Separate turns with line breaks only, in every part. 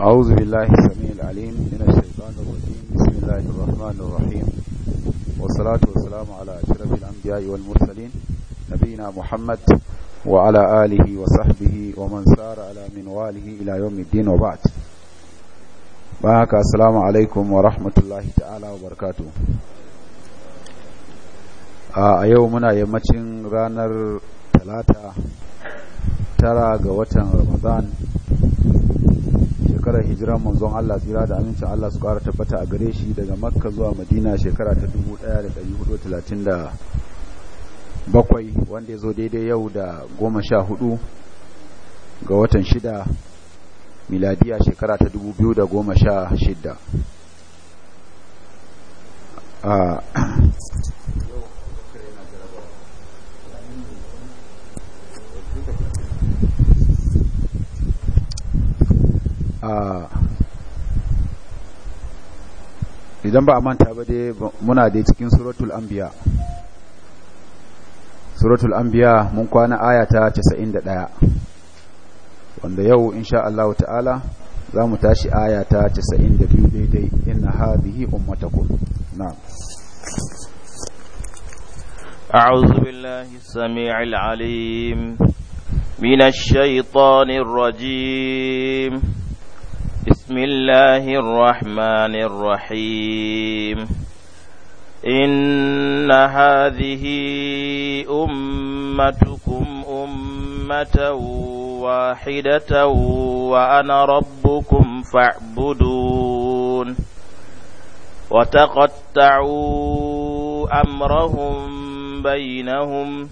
أعوذ بالله السميع العليم من الشيطان الرجيم بسم الله الرحمن الرحيم والصلاة والسلام على أشرف الأنبياء والمرسلين نبينا محمد وعلى آله وصحبه ومن سار على منواله إلى يوم الدين وبعد بارك السلام عليكم ورحمة الله تعالى وبركاته a yau muna yammacin ranar talata tara ga watan ramadan shekarar hijira manzon Allah tsira da amincin Allah su ƙara tabbata a gare shi daga makka zuwa madina shekara ta 1437 wanda ya zo daidai yau da 14 ga watan 6 miladiya shekara ta 2016 a ah, idan ba a manta ba dai muna dai cikin suratul anbiya suratul anbiya mun kwana aya ta 91 wanda yau insha Allah ta'ala za mu tashi aya ta 92 daidai inna hadhihi ummatakum
na'am a'udhu billahi السميع العليم minash الشيطان الرجيم بسم الله الرحمن الرحيم إن هذه أمتكم أمة واحدة وأنا ربكم فاعبدون وتقطعوا أمرهم بينهم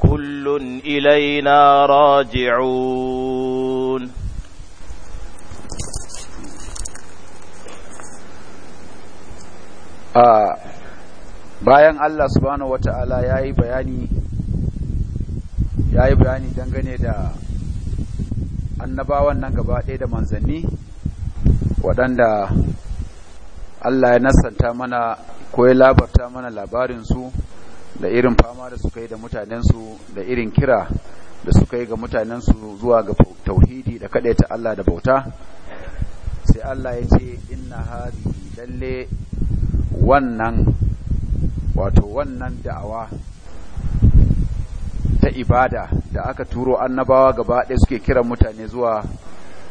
كل إلينا راجعون
bayan Allah subhanahu wata'ala yayi bayani yayi bayani dangane da annabawan nan gaba ɗaya da manzanni waɗanda Allah ya nasanta mana ko ya labarta mana labarinsu da irin fama da suka yi da mutanensu da irin kira da suka yi ga mutanensu zuwa ga tauhidi da kaɗai ta Allah da bauta sai Allah ya ce inna hadi lalle wannan wato wannan da'awa ta ibada da aka turo annabawa gaba ɗaya suke kiran mutane zuwa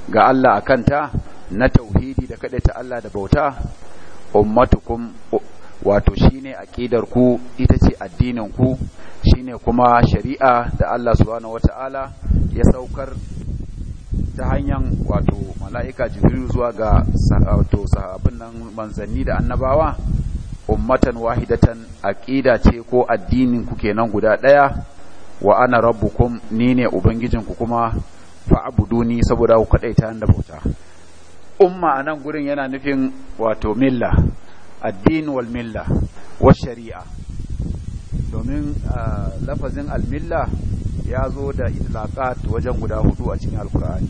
ga Allah a kanta na tauhidi da ta Allah da bauta ummatukum wato shine aqidar ku ita ce addinin ku shine kuma shari'a da Allah subhanahu wataala ya saukar ta hanyar wato mala'ika jibril zuwa ga wato sahabin nan manzanni da annabawa ummatan wahidatan aqida ce ko addinin ku kenan guda ɗaya. wa ana rabbukum ni ne ubangijinku kuma fa'abuduni saboda ku ta da bauta umma a nan gurin yana nufin wato milla addini wal milla wa shari'a domin ah, lafazin al ya zo da idlaqat wajen guda hudu a cikin alkur'ani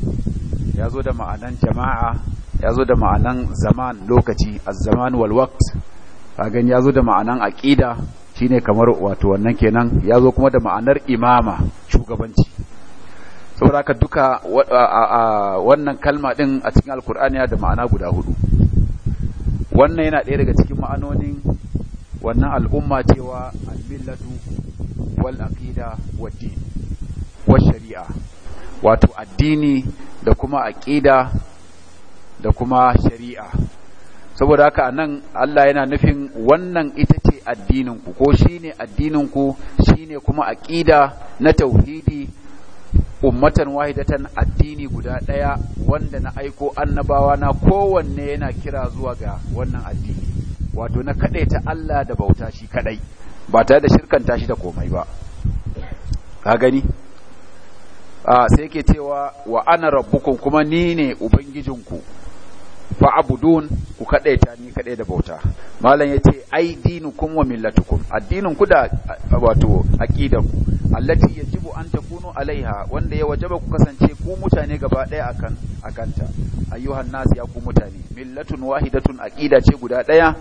ya zo da ma'anan jama'a ya zo da ma'anan zaman lokaci az-zaman wal waqt kagan ya zo da ma'anan aqida shine kamar wato wannan kenan ya zo kuma da ma'anar imama shugabanci saboda haka duka wannan kalma din a cikin ya da ma'ana guda hudu wannan yana ɗaya daga cikin ma'anonin wannan al'umma cewa al-millatu wal aqida wad din wa shari'a wato addini da kuma aqida da kuma shari'a saboda haka nan Allah yana nufin wannan ita ce addininku ko shine addininku shine kuma aƙida na tauhidi ummatan wahidatan addini guda ɗaya wanda na aiko annabawa na kowanne yana kira zuwa ga wannan addini wato na ta Allah da bauta shi kadai ba tare da shirkanta shi da komai ba ka gani sai yake cewa wa ana rabbukun kuma ni ne ubangijinku fa abudun ku kadaita ni kadai da bauta malam yace ai dinukum wa millatukum addinin ku da wato aqidan ku allati yajibu an takunu alaiha wanda ya wajaba ku kasance ku mutane gaba daya akan akanta ayyuhan nas ya ku mutane millatun wahidatun aqida ce guda daya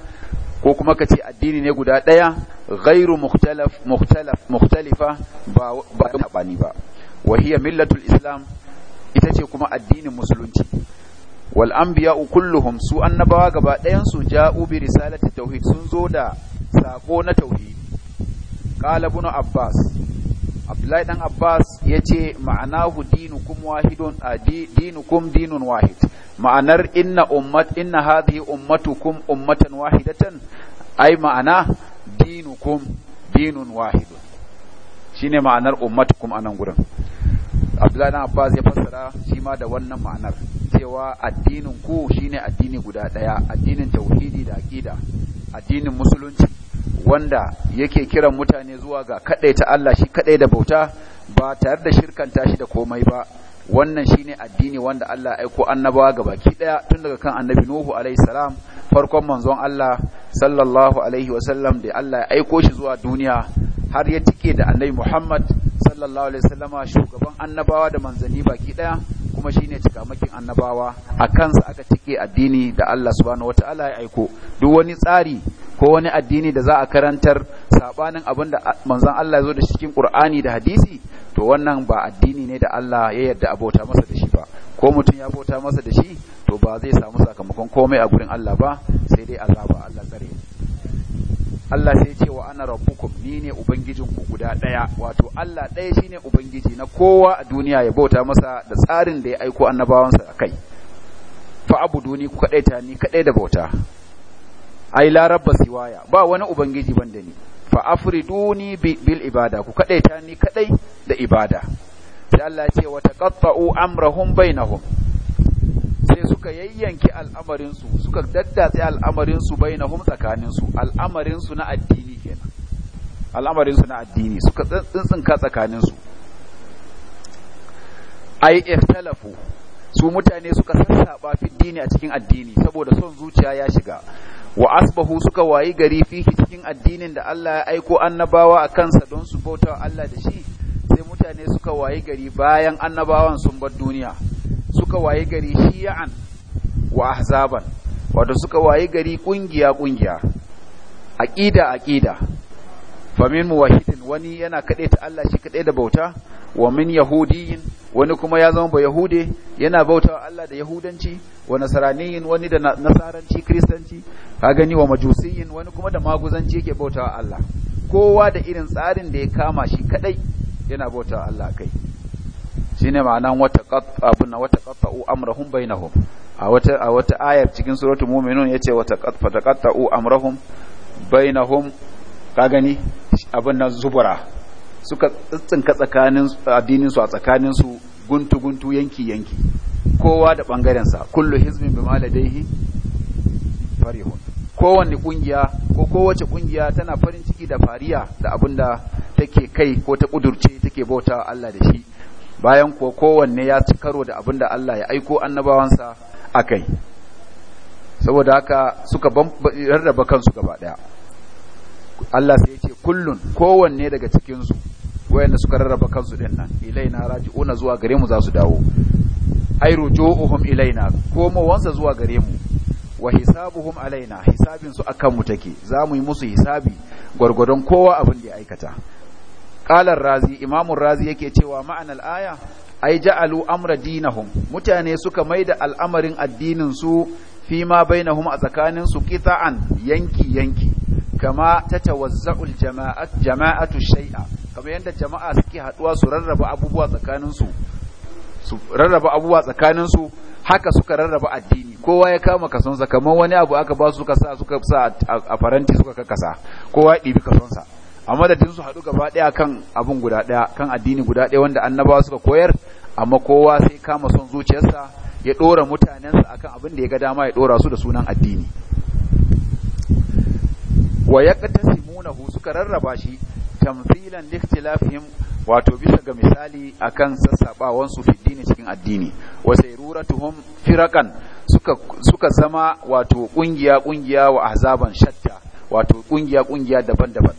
ko kuma kace addini ne guda daya ghairu mukhtalaf mukhtalaf mukhtalifa ba ba ba wa hiya millatul islam ita ce kuma addinin musulunci wal anbiya'u kulluhum su annabawa gaba ɗayan su ja'u bi risalati tauhid sun zo da sako na tauhid qala ibn abbas abdullahi dan abbas yace ma'anahu dinukum wahidun dinukum dinun wahid ma'anar inna ummat inna hadhihi ummatukum ummatan wahidatan ai ma'ana dinukum dinun wahid shine ma'anar ummatukum anan gurin abdullahi abbas ya fassara shi ma da wannan ma'anar cewa addinin ku shine addini guda daya addinin tauhidi da aqida addinin musulunci wanda yake kiran mutane zuwa ga ta Allah shi kadai da bauta ba tare da shirkanta shi da komai ba wannan shine addini wanda Allah ya aiko annabawa ga baki daya tun daga kan annabi nuhu alaihi salam farkon manzon Allah sallallahu alaihi wasallam da Allah ya aiko shi zuwa duniya har ya tike da annabi Muhammad sallallahu alaihi wasallama shugaban annabawa da manzanni baki daya kuma shine cikamakin annabawa a kansa aka cike addini da Allah subhanahu wataala ya aiko duk wani tsari ko wani addini da za a karantar sabanin abin da manzon Allah ya zo da cikin Qur'ani da hadisi to wannan ba addini ne da Allah ya yarda abota masa da shi ba ko mutum ya bota masa da shi to ba zai samu sakamakon komai a gurin Allah ba sai dai azaba Allah tsare Allah sai ce wa ana rabbukum ni ne ubangijinku guda ɗaya wato Allah ɗaya shine ubangiji na kowa a duniya ya bauta masa da tsarin da ya aiko annabawansa a kai fa abuduni ku kadai ta ni kadai da bauta ai la siwaya ba wani ubangiji banda ni fa afriduni bil ibada ku kadai ta ni kadai da ibada sai Allah ya ce wa taqatta'u amrahum bainahum suka yayyanki al'amarinsu suka daddatse al'amarinsu bainahum tsakaninsu al'amarinsu na addini kenan al'amarinsu na addini suka tsintsinka tsakaninsu ai iftalafu su mutane suka sassaba fi dini a cikin addini saboda son zuciya ya shiga wa asbahu suka wayi gari fihi cikin addinin da Allah ya aiko annabawa a kansa don su bauta Allah da shi sai mutane suka wayi gari bayan annabawan sun bar duniya suka waye gari shiya'an wa ahzaban wato suka waye gari kungiya kungiya aqida aqida famin muwahidin wani yana kade ta Allah shi kade da bauta wa min yahudiyin wani kuma ya zama ba yahude yana bautawa Allah da yahudanci wa nasaraniyin wani da nasaranci kristanci ka gani wa majusiyin wani kuma da maguzanci yake bautawa Allah kowa da irin tsarin da ya kama shi kadai yana bautawa Allah kai shine ma'ana wata abuna wata qatta'u amrahum bainahum a wata a wata ayar cikin suratul mu'minun yace wata qatta'u amrahum bainahum ka gani abin nan zubura suka tsintsinka tsakanin addinin su a tsakanin su guntu guntu yanki yanki kowa da bangaren sa kullu hizbin bima ladaihi farihun kowanne kungiya ko kowace kungiya tana farin ciki da fariya da abin da take kai ko ta kudurce take bauta Allah da shi bayan kuwa kowanne ya ci karo da abin da Allah ya aiko annabawansa a kai saboda haka suka rarraba kansu gaba ɗaya Allah sai ya ce kullun kowanne daga cikinsu wayanda suka rarraba kansu ɗin nan ilaina raji'una zuwa gare mu za su dawo ai rujuhum ilaina komowansa zuwa gare mu wa hisabuhum alaina hisabin su akan mu take za mu yi musu hisabi gwargwadon kowa abin da ya aikata Ƙalar razi imamun razi yake cewa ma'anar aya ai ja'alu amra dinahum mutane suka maida al'amarin addinin su fi ma bainahum a tsakanin su qita'an yanki yanki kama tatawazza'u jama'at jama'atu shay'a kama yanda jama'a suke haduwa su rarraba abubuwa tsakaninsu, su rarraba abubuwa tsakanin haka suka rarraba addini kowa ya kama kasonsa kamar wani abu aka ba su suka sa suka sa a faranti suka kakasa kowa ya ɗibi kasonsa a madadin su haɗu gaba ɗaya kan abin guda ɗaya kan addini guda ɗaya wanda annabawa suka koyar amma kowa sai kama son zuciyarsa ya ɗora mutanensa akan abin da ya ga dama ya ɗora su da sunan addini wa hu suka rarraba shi tamfilan liftilafihim wato bisa ga misali akan sassaɓawansu su cikin addini wa sayruratuhum firakan suka zama wato ƙungiya ƙungiya wa ahzaban shatta wato ƙungiya ƙungiya daban-daban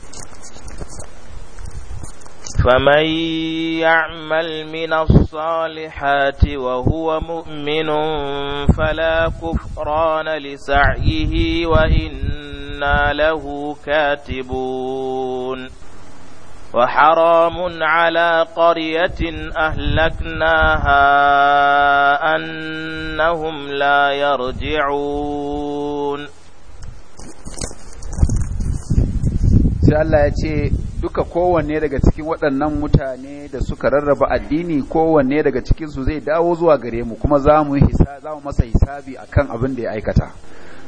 فمن يعمل من الصالحات وهو مؤمن فلا كفران لسعيه وإنا له كاتبون وحرام على قرية أهلكناها أنهم لا يرجعون
sai Allah ya ce duka kowanne daga cikin waɗannan mutane da suka rarraba addini kowanne daga cikin su zai dawo zuwa gare mu kuma za mu masa hisabi akan abin da ya aikata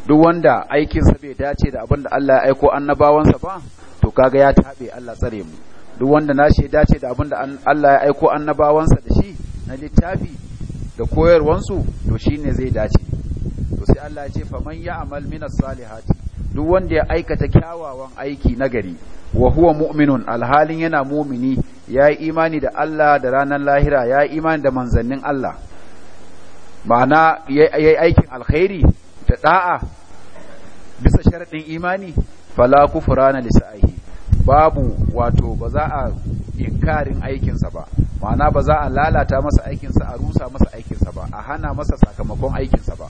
duk wanda aikinsa bai dace da abin da Allah ya aiko annabawansa ba to kaga ya taɓe Allah tsare mu duk wanda na ya dace da abin da Allah ya aiko annabawansa da shi na littafi da koyarwansu to shine zai dace to sai Allah ya ce faman ya amal minas salihati duk wanda ya aikata kyawawan aiki nagari wa huwa mu'minun alhalin yana mumini ya yi imani da Allah da ranan lahira ya yi imani da manzannin Allah ma'ana ya yi aikin alkhairi da da'a bisa sharaɗin imani fala kufrana aiki. babu wato ba za a inkarin aikinsa ba ma'ana ba za a lalata masa aikinsa a rusa masa aikinsa ba a hana masa sakamakon aikinsa ba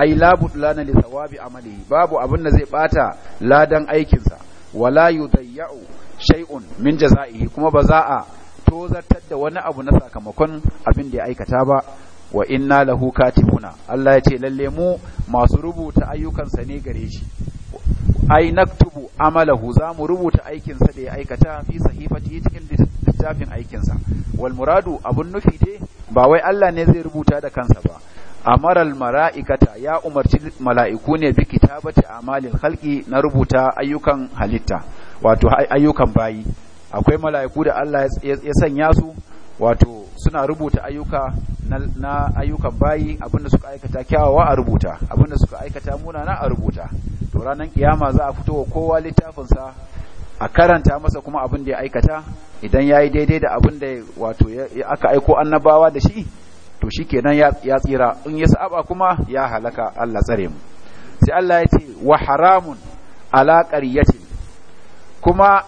ai la butlana li thawabi amalihi babu abin da zai bata ladan aikinsa wala yudayya'u shay'un min jazaihi kuma ba za a tozartar da wani abu na sakamakon abin da ya aikata ba wa inna lahu katibuna Allah ya ce lalle mu masu rubuta ayyukansa ne gare shi ai naktubu amalahu za mu rubuta aikinsa da ya aikata fi sahifati cikin littafin aikinsa wal muradu abun nufi dai ba wai Allah ne zai rubuta da kansa ba amaral mara'ikata ya umarci mala'iku ne bi kitabati amalin halki na rubuta ayyukan halitta wato ayyukan bayi akwai mala'iku da Allah ya sanya su wato suna rubuta ayyuka na ayyukan bayi abinda suka aikata kyawawa a rubuta abinda suka aikata munana a rubuta to ranar kiyama za a fito wa kowa littafinsa a karanta masa kuma abinda ya aikata idan ya yi daidai da abinda da wato aka aiko annabawa da shi to shi kenan ya tsira in ya saba kuma ya halaka Allah tsare mu sai Allah ya ce wa haramun ala kuma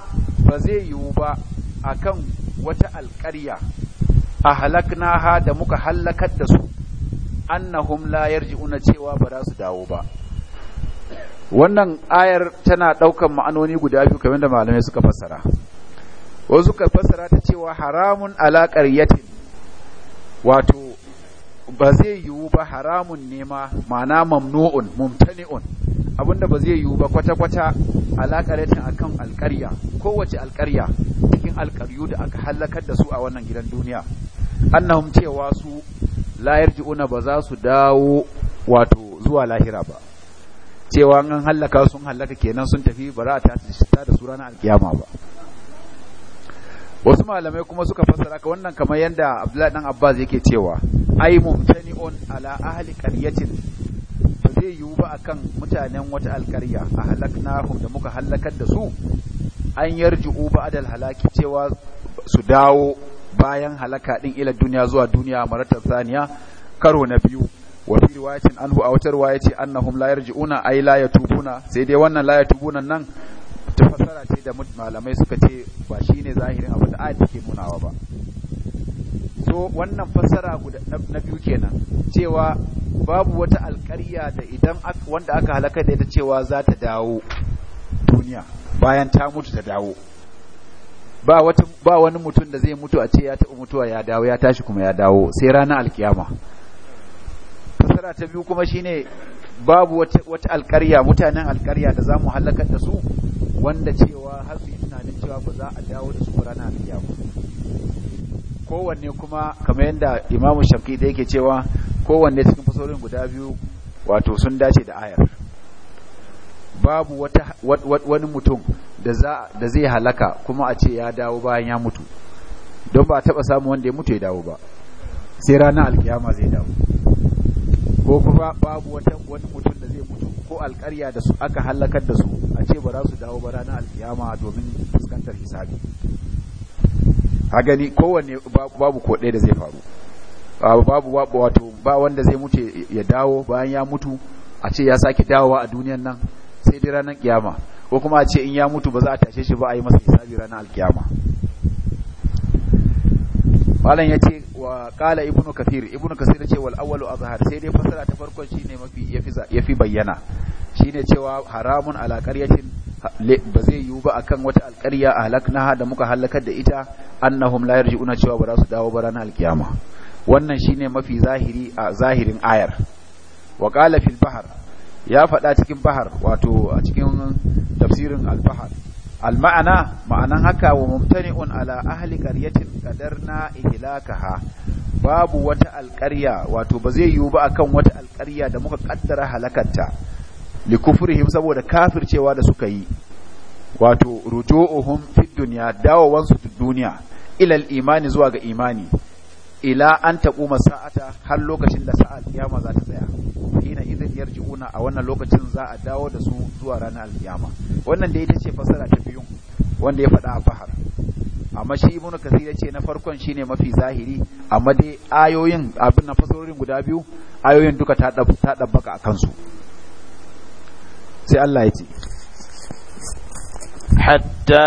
ba zai yiwu ba akan wata alƙarya a ha da muka halakar da su annahum la yarji'una cewa ba za su dawo ba wannan ayar tana ɗaukan ma'anoni guda biyu kamar da malamai suka fasara. wasu suka fassara ta cewa haramun ala yatin wato ba zai yiwu ba haramun nema ma'ana mamnu'un mumtani'un abinda ba zai yiwu ba kwata-kwata alaƙaratin akan alƙarya kowace alƙarya cikin alƙaryu da aka halakar da su a wannan gidan duniya annahum cewa su la yarji'una ba za su dawo wato zuwa lahira ba cewa an halaka sun halaka kenan sun tafi ba za ta da su ranar alkiyama ba wasu malamai kuma suka fassara ka wannan kamar yadda Abdullahi dan Abbas yake cewa ai on ala ahli qaryatin ba zai yiwu ba akan mutanen wata alkarya a halaknahum da muka halakar da su an yarji'u adal halaki cewa su dawo bayan halaka din ila duniya zuwa duniya maratar saniya karo na biyu wa fi riwayatin anhu a wata riwaya ce annahum la yarji'una ay la yatubuna sai dai wannan la yatubuna nan wata fasara ce da malamai suka ce ba shi ne zahirin abu da ayat take nunawa ba so wannan guda na biyu kenan cewa babu wata alƙarya da idan wanda aka halaka da ita cewa za ta dawo duniya bayan ta mutu ta dawo ba wata ba wani mutum da zai mutu a ce ya taɓa mutuwa ya dawo ya tashi kuma ya dawo sai ranar alkiyama fasara ta biyu kuma shine babu wata, wata alƙarya mutanen alƙarya da za mu halakar da su wanda cewa har su yi tunanin cewa ba za a dawo da su ranar alkiyama kowanne kuma kamar yadda imamu shafi da yake cewa kowanne cikin fasorin guda biyu wato sun dace da ayar babu wani mutum da zai halaka kuma a ce ya dawo bayan ya mutu don ba a taba samu wanda ya mutu ya dawo ba sai ranar alkiyama zai dawo ko kuma babu wani mutum ko alƙarya da su aka halakar da su a ce ba za su dawo ba ranar alkiyama domin fuskantar hisabi a gani kowane babu ko ɗaya da zai faru babu wato ba wanda zai mutu ya dawo bayan ya mutu a ce ya sake dawowa a duniyan nan sai dai ranar kiyama ko kuma a ce in ya mutu ba za a tashe shi ba a yi masa hisabi ranar alkiyama malam ya ce wa kala ibnu kathir ibnu kathir ce wal awwalu azhar sai dai fasara ta farkon shine mafi yafi yafi bayyana shine cewa haramun ala qaryatin ba zai yiwu ba akan wata alƙarya a halaknaha da muka halakar da ita annahum la yarji'una cewa ba za su dawo ba ranar alkiyama wannan shine mafi zahiri a zahirin ayar wa qala fil bahr ya faɗa cikin bahar wato a cikin tafsirin al bahr Alma'ana ma'anan haka wa mumtani'un ala ahli ƙadar na ihilakaha babu wata alƙarya wato ba zai yiwu ba akan wata alƙarya da muka ƙaddara halakarta li saboda kafircewa da suka yi wato ruju'uhum fid dunya dawawansu duniya Ilal imani zuwa ga imani ila an taquma sa'ata har lokacin da sa'al kiyama za ta tsaya hina idhin yarji'una a wannan lokacin za a dawo da su zuwa ranar alkiyama wannan da ita ce fasara ta biyu wanda ya faɗa a fahar amma shi ibnu kasir ya ce na farkon shine mafi zahiri amma dai ayoyin abin na fasarorin guda biyu ayoyin duka ta ta dabbaka akan su sai Allah ya ce
hatta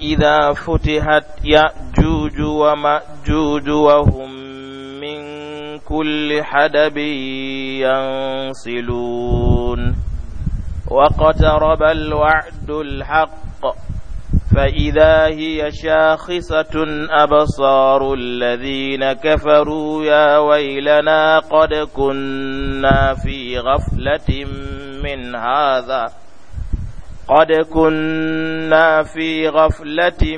idza futihat juju wa ma'juju wa hum كل حدب ينصلون واقترب الوعد الحق فإذا هي شاخصة أبصار الذين كفروا يا ويلنا قد كنا في غفلة من هذا قد كنا في غفلة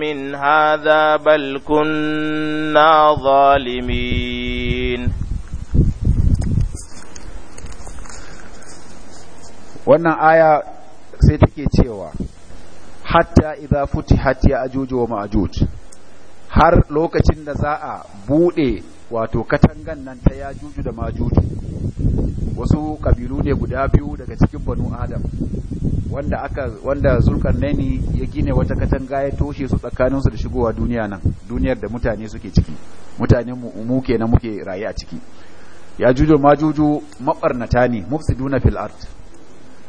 من هذا بل كنا ظالمين
wannan aya sai take cewa hatta idza futihat ajuju wa ma'juj har lokacin da za a bude wato katangan nan ta yajuju da majuju wasu kabilu ne guda biyu daga cikin banu adam wanda aka wanda ya gine wata katanga ya toshe su tsakanin su da shigowa duniya nan duniyar da mutane suke ciki mutanen mu mu kenan muke rayu a ciki yajuju majuju mabarnata ne mufsiduna fil ard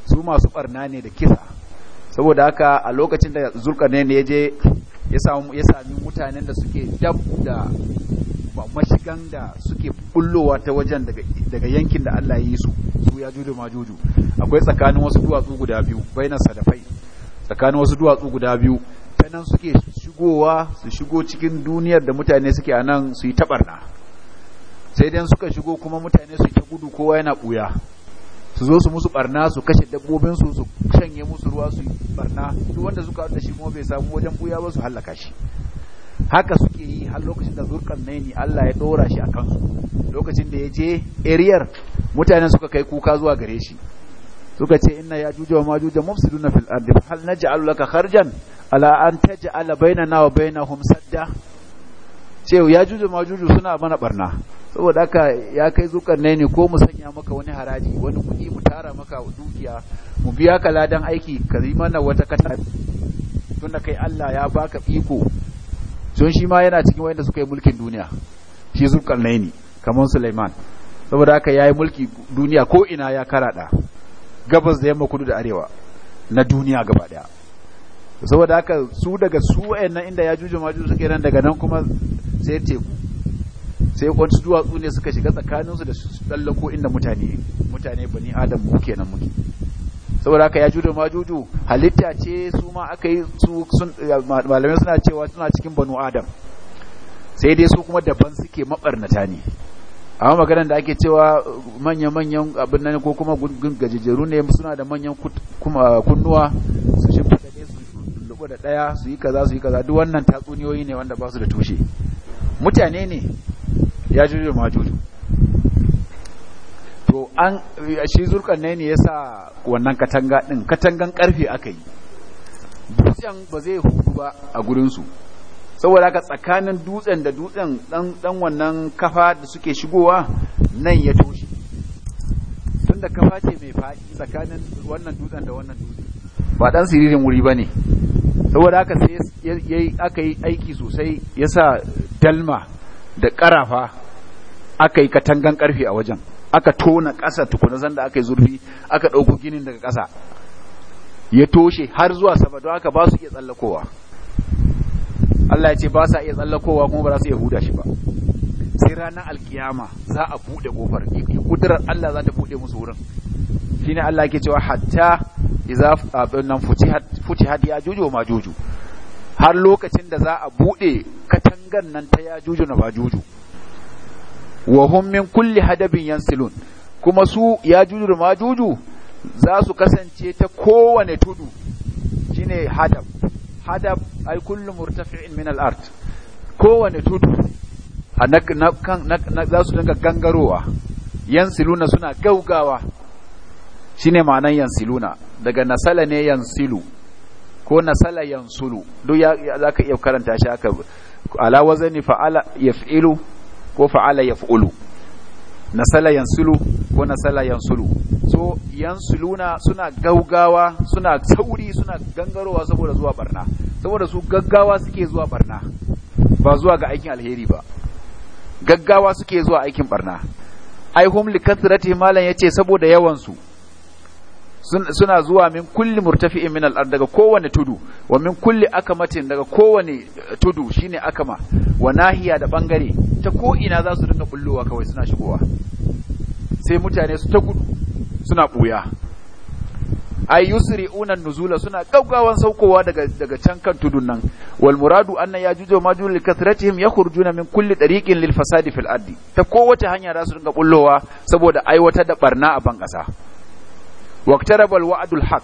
su masu barna ne da kisa saboda haka a lokacin da zulkarnain ya je ya sami mutanen da suke dab da mashigan da suke bullowa ta wajen daga yankin da Allah ya yi su su ya juju akwai tsakanin wasu duwatsu guda biyu bainar sadafai tsakanin wasu duwatsu guda biyu ta nan suke shigowa su shigo cikin duniyar da mutane suke a nan su yi taɓarna sai dai suka shigo kuma mutane su ta gudu kowa yana ɓuya su zo su musu barna su kashe dabbobin su su shanye musu ruwa su barna duk wanda suka wanda shi kuma bai samu wajen buya ba su hallaka shi haka suke yi har lokacin da zurkan ni Allah ya dora shi a kansu lokacin da ya je eriyar mutanen suka kai kuka zuwa gare shi suka ce inna ya juja wa majuja mufsiduna fil ardi hal naj'al laka kharjan ala an taj'ala bainana wa bainahum sadda ce ya juja majuju suna mana barna saboda haka ya kai zukar ne ne ko mu sanya maka wani haraji wani kuɗi mu tara maka dukiya mu biya ka ladan aiki ka yi mana wata kata tunda kai Allah ya baka iko don shi ma yana cikin wayanda suka yi mulkin duniya shi zukar ne ne kamar Sulaiman saboda haka yayi mulki duniya ko ina ya karada gabas da yamma kudu da arewa na duniya gaba daya saboda haka su daga su wayannan inda ya juju maju suke nan daga nan kuma sai teku sai kwanci duwatsu ne suka shiga tsakaninsu da su tsallako inda mutane mutane bani adam mu kenan muke saboda haka ya juju majuju halitta ce su ma aka yi su sun malamai suna cewa suna cikin banu adam sai dai su kuma daban suke mabarnata ne amma maganar da ake cewa manya-manyan abin nan ko kuma gajejeru ne suna da manyan kunnuwa su shimfiɗa ne su lubu da ɗaya su yi kaza su yi kaza duk wannan tatsuniyoyi ne wanda ba su da tushe mutane ne ya juju ma juju to an shi zulkarnain ne yasa wannan katanga ɗin katangan ƙarfe aka yi dutsen ba zai hudu ba a gurinsu saboda haka tsakanin dutsen da dutsen dan wannan kafa da suke shigowa nan ya toshe da kafa ce mai faɗi tsakanin wannan dutsen da wannan dutsen ba dan siririn wuri ba ne saboda haka sai aka yi aiki sosai ya sa dalma da ƙarafa aka yi katangan karfe a wajen aka tona ƙasa tukuna zanda aka yi zurfi aka ɗauko ginin daga ƙasa ya toshe har zuwa sama aka ba su iya tsallakowa Allah ya ce ba sa iya tsallakowa kuma ba za su iya huda shi ba sai ranar alkiyama za a buɗe ƙofar kudurar Allah za ta buɗe musu wurin shine Allah ke cewa hatta idza nan futihat ya juju ma juju har lokacin da za a buɗe katangan nan ta ya juju na ba juju wa hum min kulli hadabin yansilun kuma su ya juju da majuju za su kasance ta kowane tudu shine hadab hadab ai kullu murtafi'in min al-ard kowane tudu za su dinga gangarowa yansiluna suna gaugawa shine ma'anan yansiluna daga nasala ne yansilu ko nasala yansulu duk ya zaka iya karanta shi haka ala wazani fa'ala yaf'ilu ko fa'ala yaf'ulu nasala yansulu ko nasala yansulu so yansuluna suna gaugawa suna sauri suna gangarowa saboda zuwa barna saboda su gaggawa suke zuwa barna ba zuwa ga aikin alheri ba gaggawa suke zuwa aikin barna ai hum malam malan yace saboda yawan su suna zuwa min kulli murtafi'in min al-ard daga kowane tudu wa min kulli akamatin daga kowane eh, tudu shine akama wa nahiya da bangare ta ko ina za su dinga kullowa kawai suna shigowa sai mutane su ta gudu suna buya ay yusri'una nuzula suna gaggawan saukowa daga daga can kan tudun nan wal muradu anna yajuju majul majuj li kathratihim yakhrujuna min kulli tariqin lil fasadi fil ardi ta kowace hanya za su dinga kullowa saboda aiwatar da barna a ban kasa waqtaraba alwa'dul haqq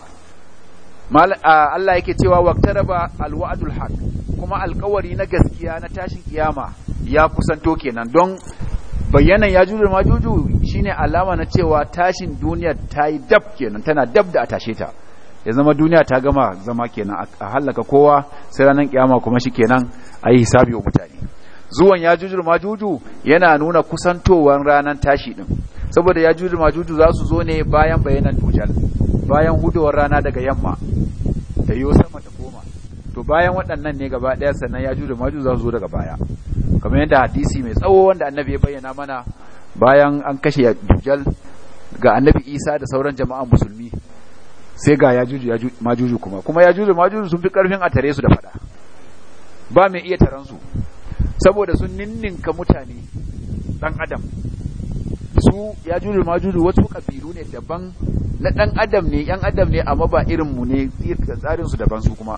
Allah yake cewa waqtaraba alwa'dul haqq kuma alƙawari na gaskiya na tashin kiyama ya kusanto kenan don bayyanan ya juju ma juju shine alama na cewa tashin duniya ta yi dab kenan tana dab da atashe ta ya zama duniya ta gama zama kenan a hallaka kowa sai ranar kiyama kuma shi kenan a yi hisabi wa mutane zuwan ya juju ma juju yana nuna kusantowar ranar tashi din saboda ya juju majuju za su zo ne bayan bayanan dujal bayan hudowar rana daga yamma da yi sama ta koma to bayan waɗannan ne gaba ɗaya sannan ya juju majuju za su zo daga baya kamar yadda hadisi mai tsawo wanda annabi ya bayyana mana bayan an kashe dujal ga annabi isa da sauran jama'an musulmi sai ga ya juju majuju kuma kuma ya juju majuju sun fi karfin a tare su da fada ba mai iya taransu saboda sun ninninka mutane ɗan adam su ya juju ma juju wasu kabilu ne daban na dan adam ne yan adam ne amma ba irin mu ne tsarin su daban su kuma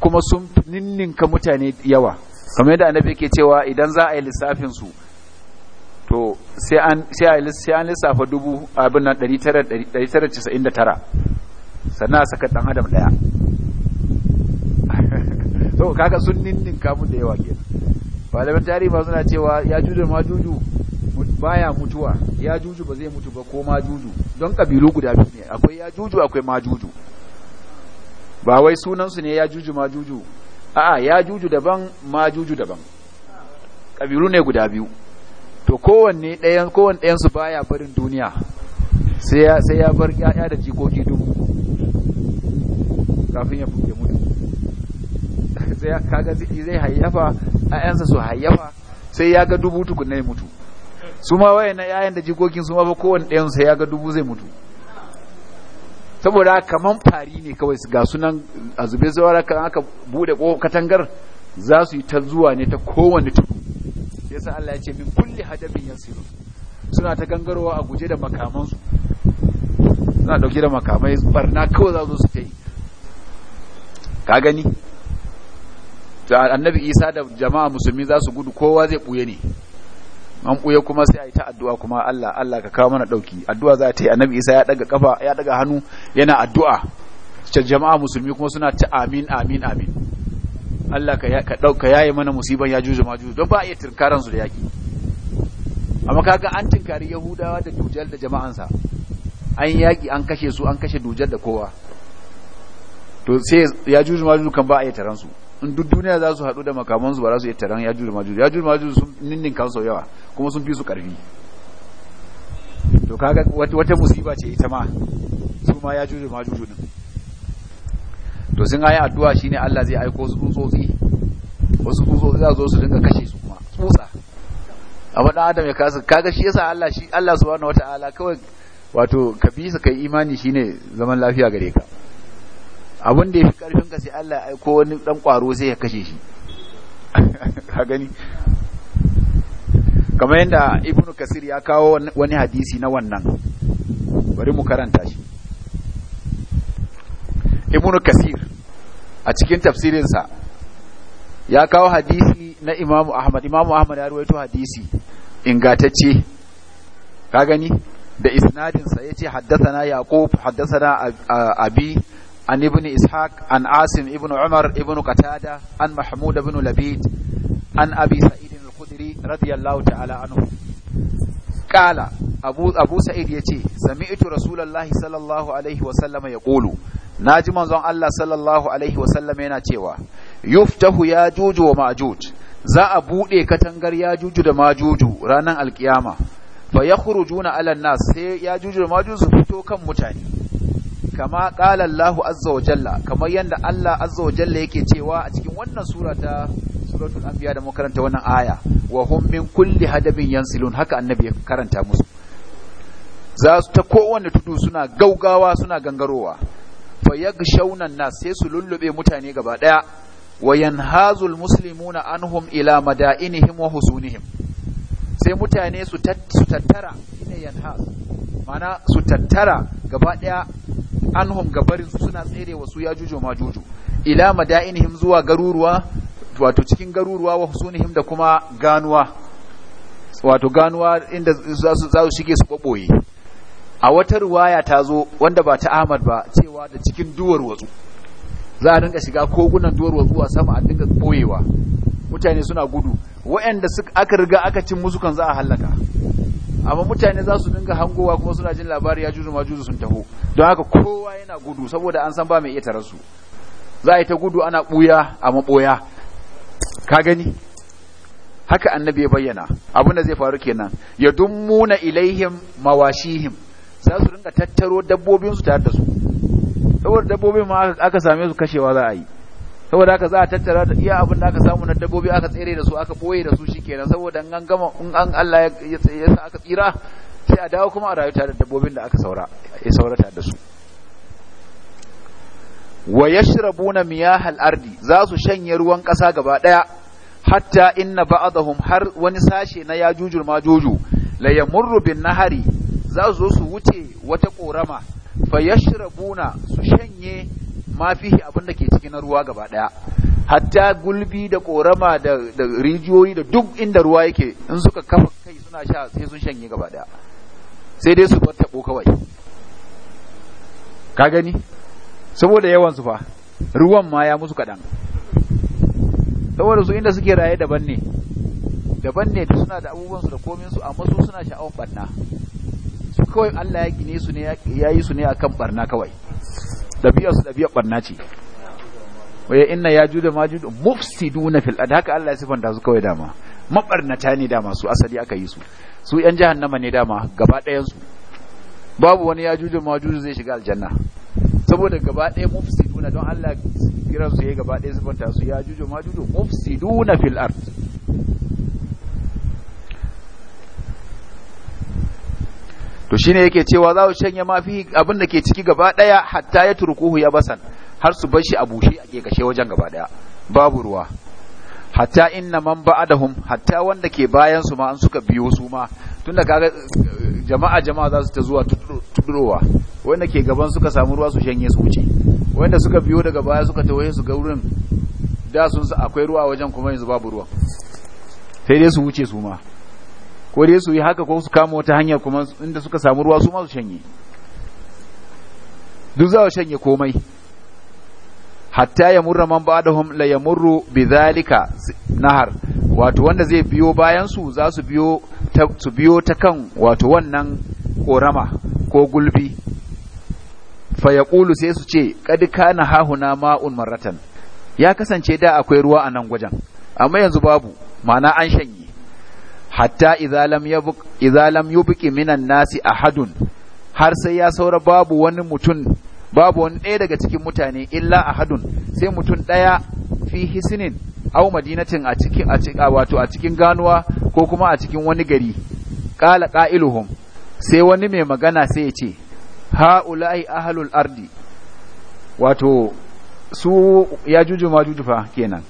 kuma sun ninninka mutane yawa kamar yadda annabi yake cewa idan za a yi lissafin su to sai an sai an lissafa dubu abin nan 999 sannan a saka dan adam daya to kaga sun ninninka mu da yawa kenan malaman tarihi ba suna cewa ya juju ma juju baya mutuwa ya juju ba zai mutu ba ko ma juju don kabilu guda biyu ne akwai ya juju akwai ma juju ba wai sunansu ne ya juju ma juju a'a ya juju daban ma juju daban kabilu ne guda biyu to kowanne ɗayan kowanne ɗayan su baya barin duniya sai ya sai ya bar ƴaƴa da jikoki duk kafin ya fuke mutu sai kaga zai hayyafa ƴaƴansa su hayyafa sai ya ga dubu tukunna ya mutu su ma na yayan da jikokin su ma ba kowanne ɗayan sa ya ga dubu zai mutu saboda kaman fari ne kawai ga sunan a zube zawara kan aka bude ko katangar za su yi ta zuwa ne ta kowanne tudu sa Allah ya ce min kulli hadabin yasiru suna ta gangarowa a guje da makamansu suna dauke da makamai barna kawai za su su ta ka gani to annabi isa da jama'a musulmi za su gudu kowa zai buye ne an ɓuya kuma sai a yi ta addu'a kuma Allah Allah ka kawo mana ɗauki. addu'a za ta yi annabi Isa ya ɗaga kafa ya ɗaga hannu yana addu'a ce jama'a musulmi kuma suna ta amin amin amin Allah ka ka dauka yayi mana musiban ya juju ma juju don ba a iya tinkaran su da yaki amma kaga an tinkari Yahudawa da Dujal da jama'ansa an yaki an kashe su an kashe Dujal da kowa to sai ya juju ma juju kan ba a iya taransu su in duk duniya za su haɗu da makamansu ba za su yi taron ya juri majuri ya juri majuri sun ninnin kansu yawa kuma sun fi su ƙarfi to kaga wata musiba ce ita ma su ma ya juri majuri din to sun ayi addu'a shine Allah zai aiko su tsotsi wasu tsotsi za zo su dinga kashe su kuma tsotsa amma dan adam ya kasa kaga shi yasa Allah shi Allah subhanahu wataala kawai wato ka bi su kai imani shine zaman lafiya gare ka abin da ya fi karfin ka sai Allah ya ko wani dan kwaro sai ya kashe shi ka gani kamar yadda ibnu kasir ya kawo wani hadisi na wannan bari mu karanta shi ibnu kasir a cikin tafsirinsa ya kawo hadisi na imamu ahmad imamu ahmad ya ruwaito hadisi ingatacce ka gani da isnadinsa ya ce haddasa na yaqub haddasa na abi عن ابن إسحاق عن عاصم ابن عمر ابن قتادة عن محمود بن لبيد عن أبي سعيد الخدري رضي الله تعالى عنه قال أبو, أبو سعيد يتي سمعت رسول الله صلى الله عليه وسلم يقول ناجم زن الله صلى الله عليه وسلم يناتيوا يفتح ياجوج وماجوج za a buɗe katangar yajuju da majuju ranar alkiyama fa ya juna alan nas sai yajuju da majuju su fito kan mutane kama qala Allah azza wa jalla kamar yadda Allah azza wa jalla yake cewa a cikin wannan sura ta suratul anbiya da makaranta wannan aya wa hummin min kulli hadabin yansilun haka annabi ya karanta musu za su ta kowanne tudu suna gaugawa suna gangarowa fa yaghshawna na sai su lullube mutane gaba ɗaya. wa yanhazul muslimuna anhum ila madainihim wa husunihim sai mutane su tattara yan yanhaz mana su tattara gaba ɗaya. anhum gabarin su suna tsere wasu ya jujo ma jujo ila madainihim zuwa garuruwa wato cikin garuruwa wa husunihim da kuma ganuwa wato ganuwa inda za su shige su kwaboye a wata ruwaya ta zo wanda ba ta Ahmad ba cewa da cikin duwar watsu za a dinga shiga kogunan duwar watsu a sama a dinga boyewa mutane suna gudu waɗanda aka riga aka cin musu kan za a hallaka amma mutane za su dinga hangowa kuma suna jin labari ya juzu ma juzu sun taho don haka kowa yana gudu saboda an san ba mai iya tare su za a yi ta gudu ana ɓuya a maɓoya ka gani haka annabi ya bayyana abin da zai faru kenan ya dummuna ilaihim mawashihim za su dinga tattaro dabbobinsu tare da su saboda dabbobin ma aka same su kashewa za a yi saboda haka za a tattara da iya abin da aka samu na dabbobi aka tsere da su aka boye da su shikenan saboda an gama in an Allah ya sa aka tsira sai a dawo kuma a rayu tare da dabbobin da aka saura ya saurata da su wa yashrabuna al ardi za su shanye ruwan ƙasa gaba daya hatta inna ba'dahum har wani sashe na yajujul majuju la yamurru bin nahari za su zo su wuce wata korama fa yashrabuna su shanye ma fihi abin da ke ciki na ruwa gaba daya hatta gulbi da korama da rijiyoyi da duk inda ruwa yake in suka kafa kai suna sha sai sun shanye gaba daya sai dai su bar tabo kawai ka gani saboda yawan su fa ruwan ma ya musu kadan saboda su inda suke raye daban ne daban ne da suna da abubuwan su da komin su amma su suna sha'awar barna su kawai Allah ya gine su ne ya yi su ne akan barna kawai ɗabi'ar su barna ce waye inna ya juda ma juda duna fil ard haka Allah ya sifanta su kawai dama mabarnata ne dama su asali aka yi su su yan jahannama ne dama gaba ɗayan su babu wani ya juda ma juda zai shiga aljanna saboda gaba ɗaya duna don Allah kiran su yayi gaba ɗaya sifanta su ya juda ma juda mufsiduna fil ard to shine yake cewa za su shanye mafi abin da ke ciki gaba daya hatta ya turkuhu ya basan har su bar shi a bushe a kekashe wajen gaba daya babu ruwa hatta inna man ba'adahum hatta wanda ke bayan su ma an suka biyo su ma tunda kaga jama'a jama'a za su ta zuwa tudurowa wanda ke gaban suka samu ruwa su shanye su wuce wanda suka biyo daga baya suka waye su ga wurin da sun akwai ruwa wajen kuma yanzu babu ruwa sai dai su wuce su ma ko dai su yi haka ko su kama wata hanya kuma inda suka samu ruwa su ma su shanye duk za su shanye komai hatta ya murra man ba'dahum la yamurru zalika nahar wato wanda zai biyo bayan su za su biyo ta, su biyo ta kan wato wannan korama ko gulbi fa yaqulu sai su ce kad kana hahuna ma'un marratan ya kasance da akwai ruwa a nan gwajan amma yanzu babu ma'ana an shanye hatta idza lam yubqi minan nasi ahadun har sai ya saura babu wani mutum babu wani ɗaya daga cikin mutane illa ahadun sai mutum ɗaya fi hisinin aw madinatin a cikin a cikin wato a cikin ganuwa ko kuma a cikin wani gari qala qailuhum sai wani mai magana sai ya ce haula'i ahlul ardi wato su yajuju majuju fa kenan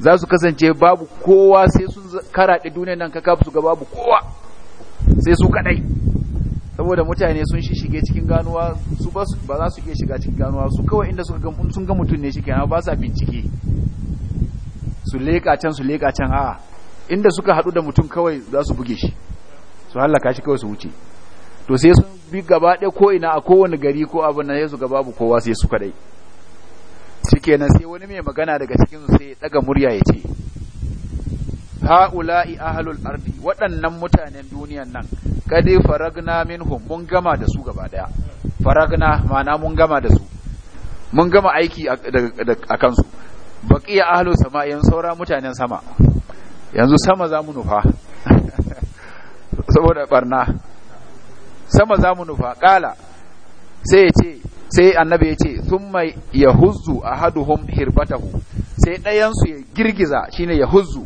za su kasance babu kowa sai sun karaɗe duniyar nan ka kafa su ga babu kowa sai su kadai saboda mutane sun shige cikin ganuwa su ba za su iya shiga cikin ganuwa su kawai inda suka ga sun ga mutum ne shikenan ba sa bincike su leka can su leka can a'a inda suka hadu da mutum kawai za su buge shi su hallaka shi kawai su wuce to sai sun bi gaba ɗaya ko ina a kowane gari ko abin nan sai su ga babu kowa sai su kadai shikenan sai wani mai magana daga cikin sai ya daga murya ya ce ha'ula'i ahlul ardi waɗannan mutanen duniyan nan kadai faragna minhum mun gama da su gaba daya faragna ma'ana mun gama da su mun gama aiki a kansu baqiya ahlus sama yan saura mutanen sama yanzu sama za mu nufa saboda barna sama za mu nufa kala sai ya ce sai annabi ya ce thumma yahuzzu ahaduhum hirbatahu sai ɗayansu ya girgiza shi ne ya huzu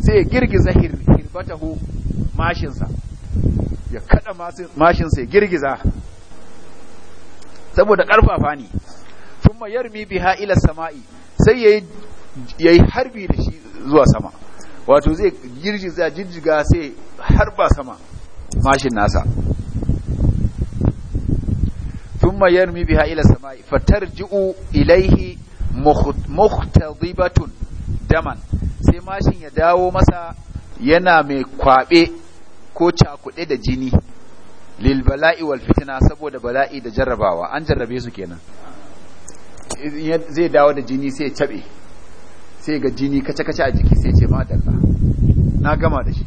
sai ya girgiza hirbatahu mashinsa ya kada mashinsa ya girgiza saboda ƙarfafa ne mai yarmi bi ila sama'i sai ya yi harbi da shi zuwa sama wato zai girgiza jijjiga sai harba sama mashin nasa thumma yarmi biha ila samai fatarji'u ilaihi mukhtadibatun daman sai mashin ya dawo masa yana mai kwaɓe ko cakuɗe da jini lil bala'i wal fitina saboda bala'i da jarrabawa an jarrabe su kenan zai dawo da jini sai cabe sai ga jini kace kace a jiki sai ce madalla na gama da shi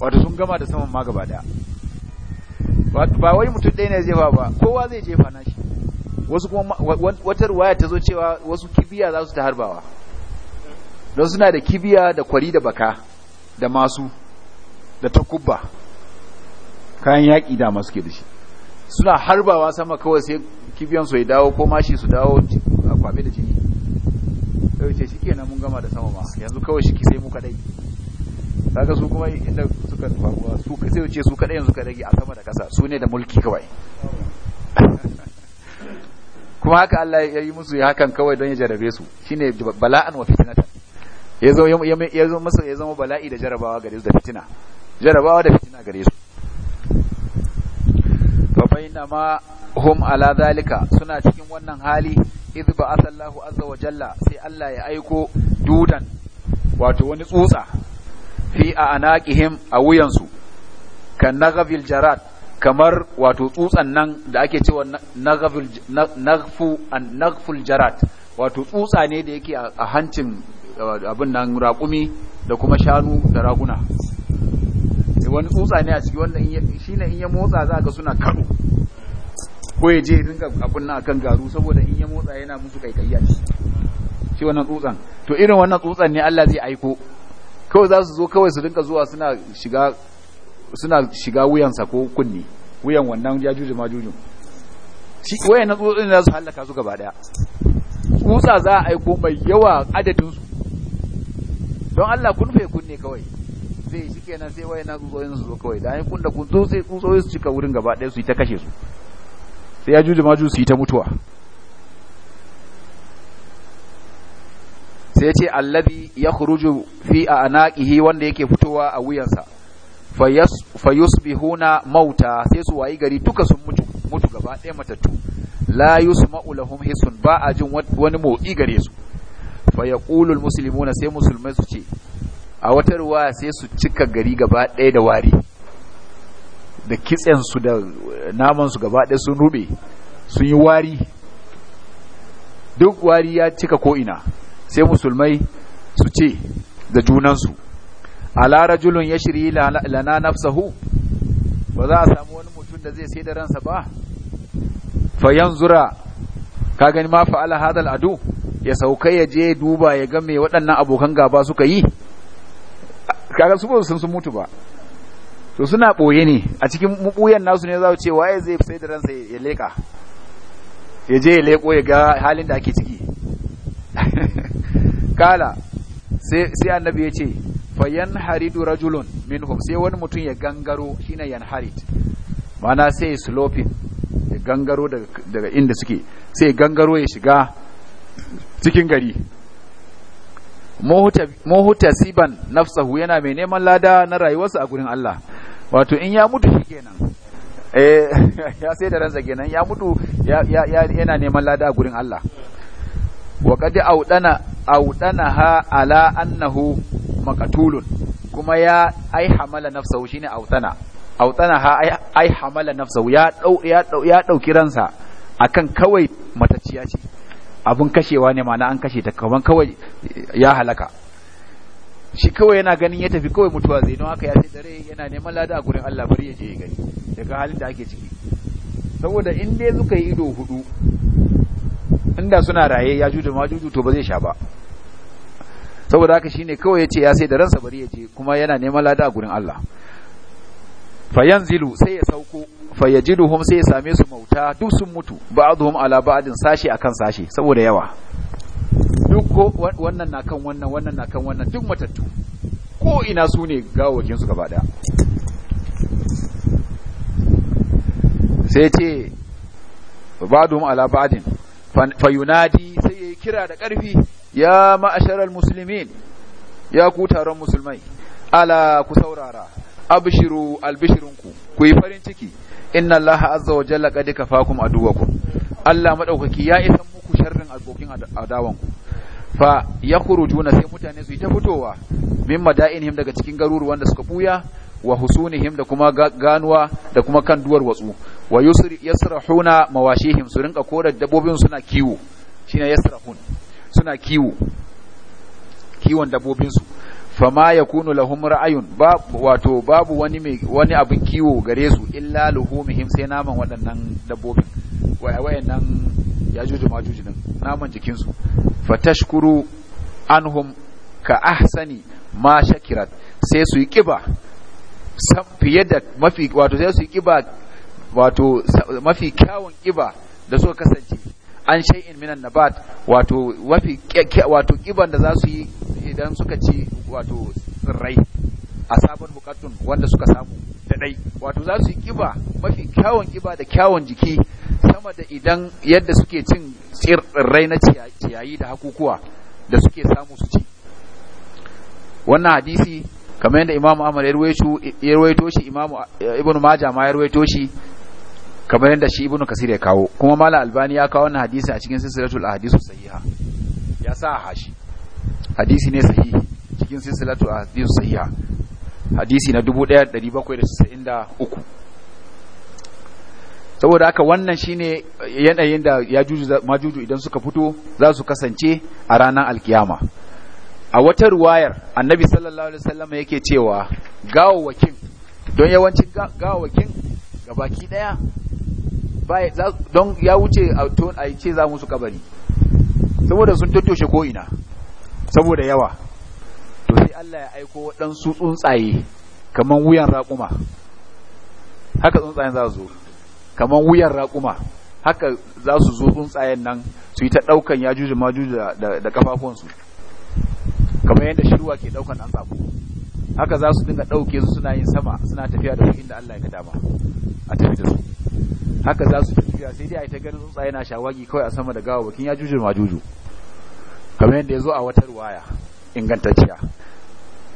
wato sun gama da saman ma gaba daya ba wai mutum ɗaya ne jefa ba kowa zai jefa nashi wasu kuma wata ruwaya ta zo cewa wasu kibiya za su ta harbawa don suna da kibiya da kwari da baka da masu da takubba kayan yaƙi da masu ke da shi suna harbawa sama kawai sai kibiyan su ya dawo ko mashi su dawo a kwabe da jini ɗauke shi kenan mun gama da sama ma yanzu kawai shi ki sai mu kaɗai. kaga su kuma inda suka faruwa su kace yace su kada yanzu ka rage a sama da kasa su ne da mulki kawai kuma haka Allah ya yi musu hakan kawai don ya jarabe su shine bala'an wa fitnata ya zo ya zo musu ya zama bala'i da jarabawa gare su da fitina jarabawa da fitina gare su fa bainama hum ala zalika suna cikin wannan hali idh ba'atha Allahu azza wa jalla sai Allah ya aiko dudan wato wani tsutsa fi a anaƙihim a wuyansu kan naghafil jarat kamar wato tsutsan nan da ake cewa naghaful naghfu an jarat wato tsutsa ne da yake a hancin uh, abin nan raƙumi da kuma shanu da raguna eh, wani tsutsa ne a ciki shi ne in yi motsa za ga suna karo ko ya je rinka abin nan akan garu saboda in yi motsa yana musu kaikayya shi wannan tsutsan to irin wannan tsutsan ne Allah zai aiko kawai za su zo kawai su dinka zuwa suna shiga wuyansa ko kunni wuyan wannan yajuju majuju shi na tsutsotsin za su hallaka su gaba daya tsutsa za a aiko mai yawa adadin su don Allah kun fai kunne kawai zai shi kenan sai wayan tsutsotsin su zo kawai da an yi da kun tsotsi su cika wurin gaba daya su yi ta kashe su sai yajuju majuju su yi ta mutuwa sai ce allabi ya khuruju fi a anaqihi wanda yake fitowa a wuyansa fayusbihuna mauta sai su wayi gari duka sun mutu mutu gaba ɗaya matattu la yusma'u lahum hisun ba a jin wani motsi gare su fa yaqulu Musulmuna sai musulmai su ce a wata ruwa sai su cika gari gaba ɗaya da wari da kitsen su da naman su gaba ɗaya sun rube sun yi wari duk wari ya cika ko'ina. sai musulmai su ce da junansu julun ya yashri lana nafsahu ba za a samu wani mutum da zai sai da ransa ba fa zura. ka gani ma fa'ala hadal adu ya sauka ya je duba ya ga waɗannan abokan gaba suka yi kaga su ba sun sun mutu ba to suna ɓoye ne a cikin mubuyan nasu ne za ce waye zai sai da ransa ya leka ya je ya leko ya ga halin da ake ciki kala sai annabi ya ce fayan haridu rajulun minhum sai wani mutum ya gangaro shine yan harid mana sai slopin ya gangaro daga inda suke sai gangaro ya shiga cikin gari mohuta siban nafsahu yana mai neman lada na rayuwarsa a gurin Allah wato in ya mutu shi kenan eh ya sai da ransa kenan ya mutu yana neman lada a gurin Allah wa qad audana Awdanaha ala annahu makatulun kuma ya ai hamala nafsahu shine autana autanaha ai hamala nafsahu ya dau ya dau ya dauki ransa akan kawai mataciya ce abun kashewa ne ma'ana an kashe ta kaman kawai ya halaka shi kawai yana ganin ya tafi kawai mutuwa zai don haka ya sai dare yana neman lada a gurin Allah bari ya je ya gani daga halin da ake ciki saboda in dai suka yi ido hudu inda suna raye ya juju ma juju to ba zai sha ba saboda haka shine kawai yace ya sai da ransa bari ya je kuma yana neman lada a gurin Allah fayanzilu sai ya sauko fayajiduhum sai ya same su mauta duk sun mutu ba'dhum ala ba'din sashi akan sashi saboda yawa duk ko wannan na kan wannan wannan na kan wannan duk matattu ko ina su ne gawakin su gaba daya sai ce ba'dhum ala ba'din fayunadi sai ya kira da ƙarfi ya ma'asharar musulmin ya ku taron musulmai ala ku saurara abshiru albishirinku ku yi farin ciki inna allaha azza wa jalla qad kafakum aduwakum Allah maɗaukaki ya isa muku sharrin abokin adawanku fa juna sai mutane su yi ta fitowa min madainihim daga cikin garuruwan da suka buya wa husunihim da kuma ganuwa da kuma kan duwar watsu wa yasrahuna mawashihim su rinka korar dabbobin suna kiwo shine yasrahun suna kiwo kiwon dabbobin su fama yakunu lahum ra'ayun babu wato babu wani mai wani abin kiwo gare su illa luhumihim sai naman waɗannan dabbobin Waye nan yajuju majuju din naman jikin su fatashkuru anhum ka ahsani ma shakirat sai su yi kiba fiye da mafi wato sai su kiba wato mafi kyawun kiba da suka kasance an shay'in minan nabat wato mafi wato kiban da za su yi idan suka ci wato tsirrai a sabon bukatun wanda suka samu da dai wato za su yi kiba mafi kyawun kiba da kyawun jiki sama da idan yadda suke cin tsirrai na ciyayi da hakukuwa da suke samu su ci wannan hadisi kamar yadda imamu ahmad ya ruwaito shi imamu eh, ibnu maja ma ya ruwaito shi kamar yadda shi ibnu kasir ya kawo kuma mala albani ya kawo wannan hadisi a cikin silsilatul ahadisu sahiha ya sa a hashi hadisi ne sahihi cikin silsilatul ahadisu sahiha hadisi na 1793 saboda haka wannan shine yanayin da ya juju majuju idan suka fito za su kasance a ranar alkiyama a wata ruwayar annabi sallallahu alaihi wasallam yake cewa gawawakin don gawo gawawakin gabaki daya don ya wuce a ce za musu kabari saboda sun tattoshe ko'ina saboda yawa to sai Allah ya aiko waɗansu tsuntsaye kamar wuyan raƙuma haka tsuntsayen za su kamar wuyan raƙuma haka za su zo tsuntsayen nan su yi ta ɗaukan yajuji majuji da kafafunsu kamar yadda shirwa ke daukan dan haka za su dinga dauke su suna yin sama suna tafiya da inda Allah ya kada ba a tafi da su haka za su tafiya sai dai a ta ganin tsuntsaye na shawagi kawai a sama da gawa bakin ya jujur ma juju kamar yadda ya zo a wata ruwaya ingantacciya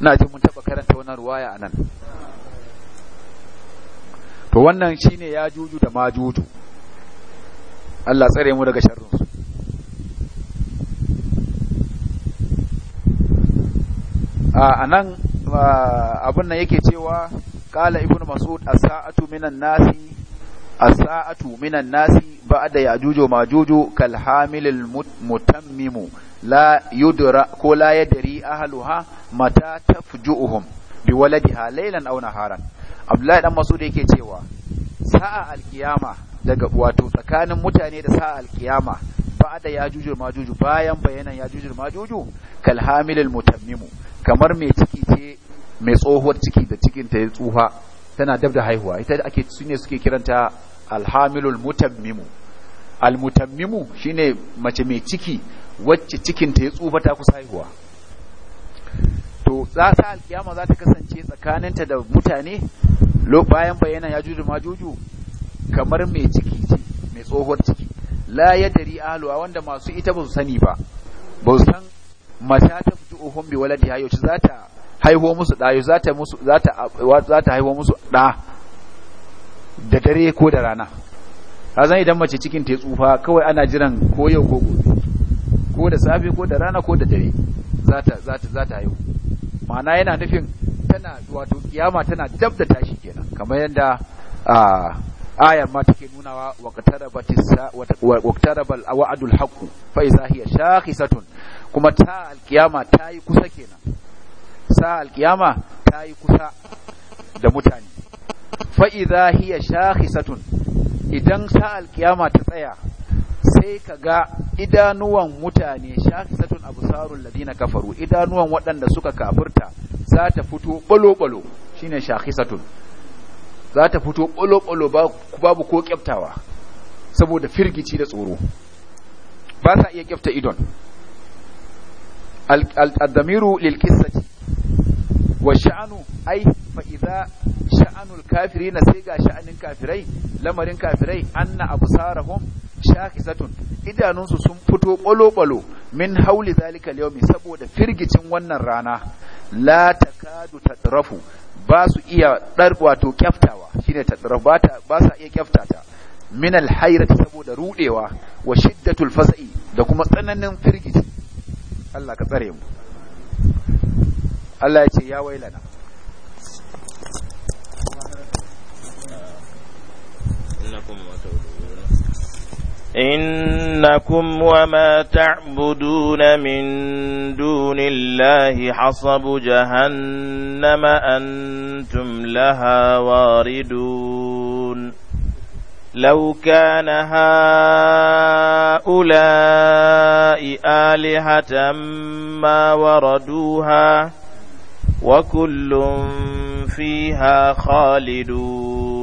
ina jin mun taba karanta wannan ruwaya a nan to wannan shine ya juju da ma juju Allah tsare mu daga sharrinsu a nan abin nan yake cewa kala ibnu mas'ud as-sa'atu minan nasi as-sa'atu minan nasi ba'da ya'juju majuju kal hamilil mutammimu la yudra ko la yadri ahluha mata tafju'uhum bi waladiha laylan aw naharan abdullahi dan mas'ud yake cewa sa'a alkiyama daga wato tsakanin mutane da sa'a alkiyama ba'da yajuj wa majuj bayan bayanan yajuj wa majuj kal hamilil mutammimu kamar mai ciki ce mai tsohuwar ciki da cikin ta ya tsuha tana dab da haihuwa ita ake sune suke kiranta alhamilul mutammimu almutammimu shine mace mai ciki wacce cikin ta ya tsufa ta kusa haihuwa to za ta alkiyama za ta kasance tsakaninta da mutane bayan bayanan ya juju kamar mai ciki ce mai tsohuwar ciki la yadri a wanda masu ita ba su sani ba ba su san mata ta fitu bi waladi hayo ci za ta haihuwa musu ɗayo za ta musu za ta za ta haihuwa musu ɗa da dare ko da rana hazan idan mace cikin ta tsufa kawai ana jiran ko yau ko gobe ko da safe ko da rana ko da dare za ta za ta za ta haihu ma'ana yana nufin tana wato kiyama tana dab da tashi kenan kamar yadda a ah, ayar ma take nunawa waqtarabal wa'dul haqq fa iza hiya shakhisatun kuma ta alkiyama ta yi kusa kenan sa alkiyama ta yi kusa da mutane fa iza hiya shakhisatun idan sa alkiyama ta tsaya sai ka ga idanuwan mutane shakhisatun absarul ladina kafaru idanuwan waɗanda suka kafirta za ta fito balo balo shine shakhisatun za ta fito ƙolo-ƙolo babu ko ƙyaftawa saboda firgici da tsoro ba sa iya ƙyafta idon al'addamiru lilkisati wa sha'anu ai fa'iza sha'anul kafiri na sai ga sha'anin kafirai lamarin kafirai anna abu sarahun shakisatun idanunsu sun fito ƙolo-ƙolo min hauli zalika liyomi saboda firgicin wannan rana la ta tatrafu ba su iya dar wato kyaftawa shine tadraf ba ta ba sa iya kyaftata min alhayrati saboda rudewa wa shiddatul fasai da kuma tsananin firgiti. Allah ka tsare mu Allah ya ce ya wailana
إنكم وما تعبدون من دون الله حصب جهنم أنتم لها واردون لو كان هؤلاء آلهة ما وردوها وكل فيها خالدون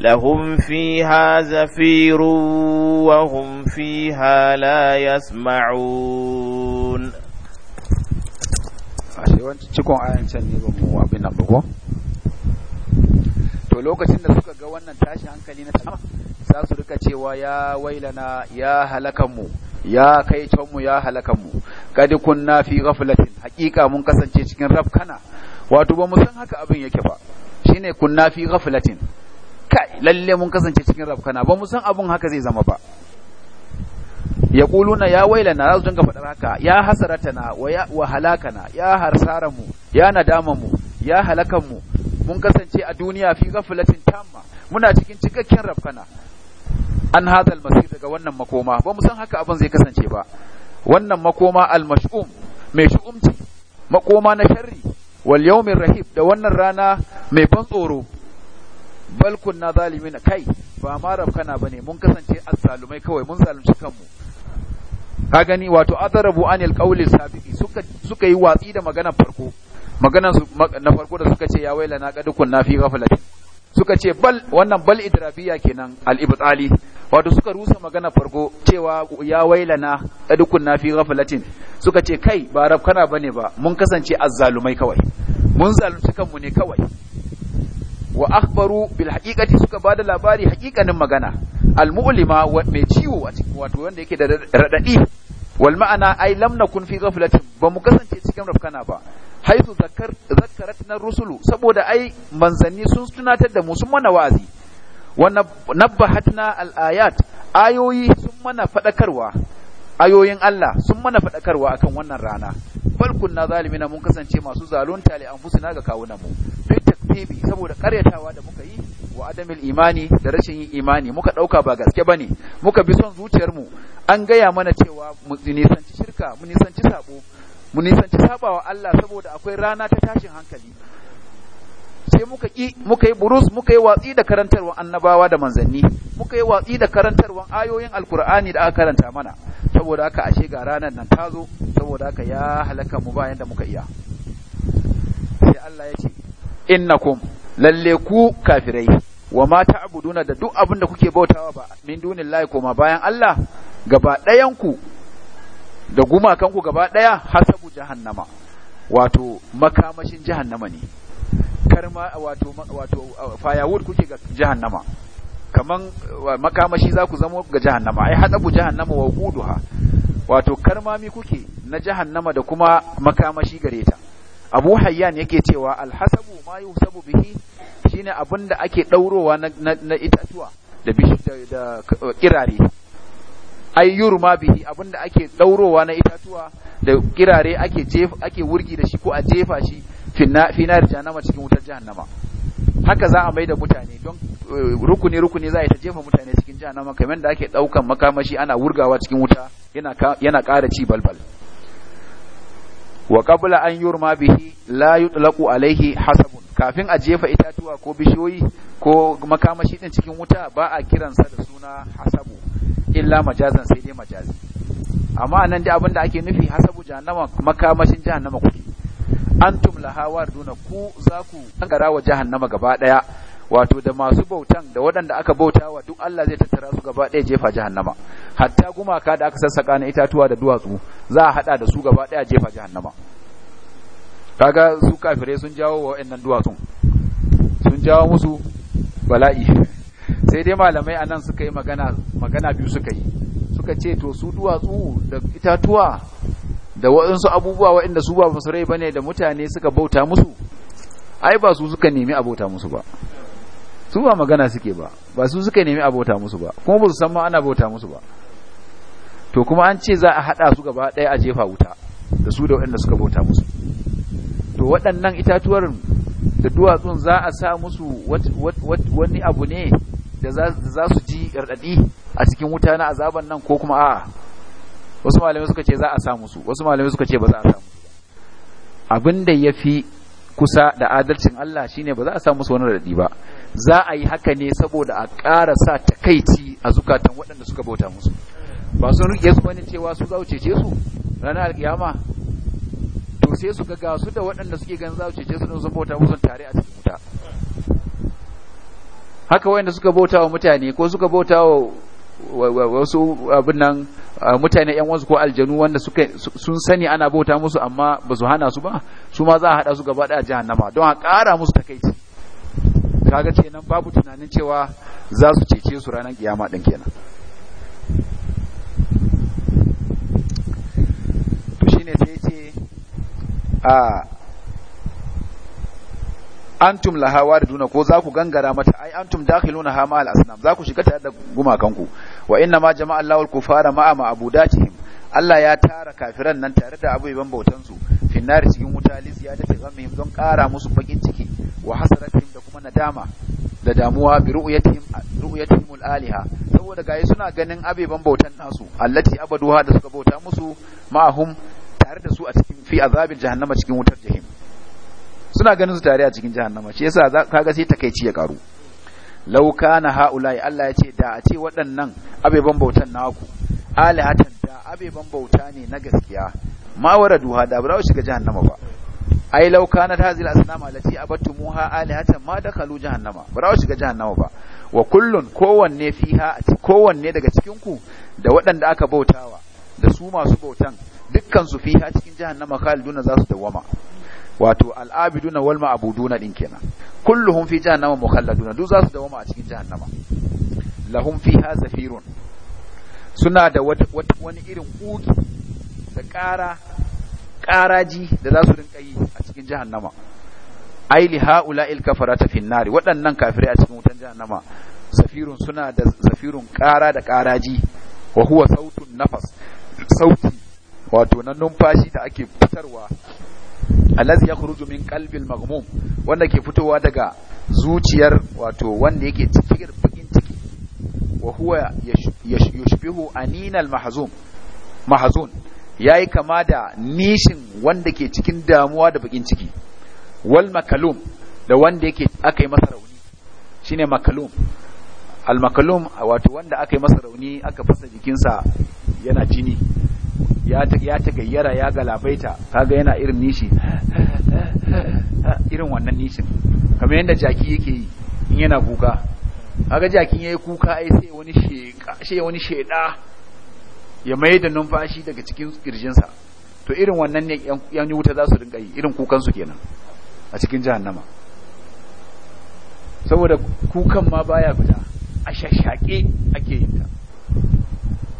لهم فيها زفير وهم فيها لا يسمعون
cikon can ne ba mu abin nan to lokacin da suka ga wannan tashi hankali na sama za su rika cewa ya wailana ya halakan mu ya kai mu ya halakan mu kunna fi ghaflatin haqiqa mun kasance cikin rafkana wato ba mu san haka abin yake ba shine kunna fi ghaflatin lalle mun kasance cikin rafkana ba mu san abun haka zai zama ba ya kuluna ya wailana za su dinga faɗar haka ya hasaratana wa halakana ya harsara mu ya nadama mu ya halakan mu mun kasance a duniya fi gafilatin tamma muna cikin cikakken rafkana an hada almasir daga wannan makoma ba mu san haka abin zai kasance ba wannan makoma almash'um mai shu'umci makoma na sharri wal yawmir rahib da wannan rana mai ban tsoro na zalimi na kai ba ma rabkana bane mun kasance azzalumai kawai mun zalunci kanmu ka gani wato adarabu anil qawli sabiqi suka suka yi watsi da maganar farko maganar na farko da suka ce ya waila na qad na fi ghaflatin suka ce bal wannan bal idrabiya kenan al ibtali wato suka rusa maganar farko cewa ya waila na qad na fi ghaflatin suka ce kai ba rabkana bane ba mun kasance azzalumai kawai mun zalunci kanmu ne kawai wa akhbaru bil haqiqati suka bada labari haqiqanin magana al mu'lima mai ciwo a cikin wato wanda yake da radadi wal ma'ana ai lam nakun fi ghaflatin ba mu kasance cikin rafkana ba haisu zakarat na rusulu saboda ai manzanni sun tunatar da mu sun mana wa'azi wa nabbahatna al ayat ayoyi sun mana fadakarwa ayoyin Allah sun mana faɗakarwa akan wannan rana bal kunna zalimina mun kasance masu zalunta li anfusina ga kawunan mu bihi saboda karyatawa da muka yi wa adamil imani da rashin yin imani muka dauka ba gaske bane muka bi son zuciyar mu an gaya mana cewa mu nisanci shirka mu nisanci sabo mu nisanci sabawa Allah saboda akwai rana ta tashin hankali sai muka ki muka yi burus muka yi watsi da karantarwar annabawa da manzanni muka yi watsi da karantarwa ayoyin alkur'ani da aka karanta mana saboda haka ashe ga ranar nan tazo saboda haka ya halaka mu bayan da muka iya sai Allah ya ce innakum lalle ku kafirai wa ma ta'buduna da duk abin da kuke bautawa ba min dunillahi kuma bayan Allah gaba ɗayan ku da gumakan ku gaba ɗaya hasabu jahannama wato makamashin jahannama ne karma wato wato firewood kuke ga jahannama kaman makamashi za ku zamo ga jahannama ai hasabu jahannama wa guduha wato karmami kuke na jahannama da kuma makamashi gare ta abu hayyan yake cewa alhasabu ma yusabu bihi shine abin da ake daurowa na, itatuwa da da, uh, kirare Ayyur yurma bihi abin da ake daurowa na itatuwa da kirare ake jef ake wurgi da shi ko a jefa shi finna finar jahannama cikin wutar jahannama haka za a maida mutane don uh, rukuni rukuni za a ta jefa mutane cikin jahannama kamar da ake daukan makamashi ana wurgawa cikin wuta yana yana ƙara ci balbal wa qabla an yurma bihi la yutlaqu alaihi hasabun kafin a jefa itatuwa ko bishiyoyi ko makamashi din cikin wuta ba a kiransa da suna hasabu illa majazan sai dai majazi amma nan dai abin da ake nufi hasabu jahannama makamashin jahannama kuke antum laha warduna ku za ku kankara wa jahannama gaba daya wato da masu bautan da waɗanda aka bauta wa duk Allah zai tattara su gaba ɗaya jefa jahannama hatta gumaka da aka sassaka na itatuwa da duwatsu za a hada da su gaba ɗaya jefa jahannama kaga su kafire sun jawo wa waɗannan duwatsun sun jawo musu bala'i sai dai malamai anan suka yi magana magana biyu suka yi suka ce to su duwatsu da itatuwa da waɗansu abubuwa waɗanda su ba musu rai bane da mutane suka bauta musu ai ba su suka nemi a bauta musu ba su ba magana suke ba ba su suka nemi abota musu ba kuma ba su san ma ana bauta musu ba to kuma an ce za a hada su gaba daya a jefa wuta da su da waɗanda suka bauta musu to waɗannan itatuwar da duwatsun za a sa musu wani abu ne da za su ji raɗaɗi a cikin wuta na azaban nan ko kuma a'a wasu malamai suka ce za a sa musu wasu malamai suka ce ba za a sa musu abin da ya fi kusa da adalcin Allah shine ba za a sa musu wani raɗaɗi ba za a yi haka ne saboda a ƙara sa takaici a zukatan waɗanda suka bauta musu ba sun rike su bane cewa su za cece su ranar alƙiyama to sai su ga su da waɗanda suke gan za cece su don sun bauta musu tare a cikin wuta haka wanda suka bauta wa mutane ko suka bauta wa wasu abin nan mutane yan wasu ko aljanu wanda sun sani ana bauta musu amma ba su hana su ba su ma za a haɗa su gaba ɗaya jihannama don a ƙara musu takaici kaga nan babu tunanin cewa za su cece su ranar kiyama ɗin kenan to shine sai ce a antum laha wariduna ko za ku gangara mata ai antum dakhiluna ha ma al asnam za ku shiga tare da gumakanku wa inna ma jama'a Allahu al kufara ma'a ma'budatihim Allah ya tara kafiran nan tare da abubuwan bautan su finnari cikin wuta ya ziyadati ghammihim don kara musu bakin ciki wa hasaratin kuma nadama da damuwa bi ru'yatihim ru'yatihim al-aliha saboda gaye suna ganin abeban bautan nasu allati abaduha da suka bauta musu ma'ahum tare da su a cikin fi azabil jahannama cikin wutar jahim suna ganin su tare a cikin jahannama shi yasa kaga sai takeici ya karu law kana haula'i Allah ya ce da a ce waɗannan abeban bautan naku alihatan da abeban bauta ne na gaskiya ma waraduha da ba za su shiga jahannama ba ai law kanat hazil asnam allati abattumuha alihatan ma dakalu jahannama ba za shiga jahannama ba wa kullun kowanne fiha kowanne daga cikin ku da waɗanda aka bautawa da su masu bautan dukkan su fiha cikin jahannama khaliduna za su dawama wato al'abiduna wal ma'buduna din kenan kulluhum fi jahannama mukhalladuna duk za su dawama a cikin jahannama lahum fiha zafirun suna da wani irin uki da ƙara ƙaraji da za su rinka yi a cikin jahannama ai li haula'il kafarata fin nari waɗannan kafirai a cikin wutan jahannama safirun suna da safirun ƙara da ƙaraji wa huwa sautun nafas sauti wato na numfashi da ake fitarwa allazi yakhruju min qalbil maghmum wanda ke fitowa daga zuciyar wato wanda yake cikin bakin ciki wa huwa yushbihu aninal mahzum mahzun ya yi kama da nishin wanda ke cikin damuwa da bakin ciki wal makalum da wanda yake aka yi masa rauni shine makalum al makalum wato wanda aka yi masa rauni aka fasa jikinsa yana jini ya ta gayyara ya galabaita kaga yana irin nishi irin wannan nishin kamar yadda jaki yake yi in yana kuka kaga jakin yayi kuka ai sai wani sai wani sheda ya mai da numfashi daga cikin kirjinsa to irin wannan ne yan wuta za su dinga yi irin kukansu kenan a cikin jahannama saboda kukan ma baya fita a shashake ake yin ta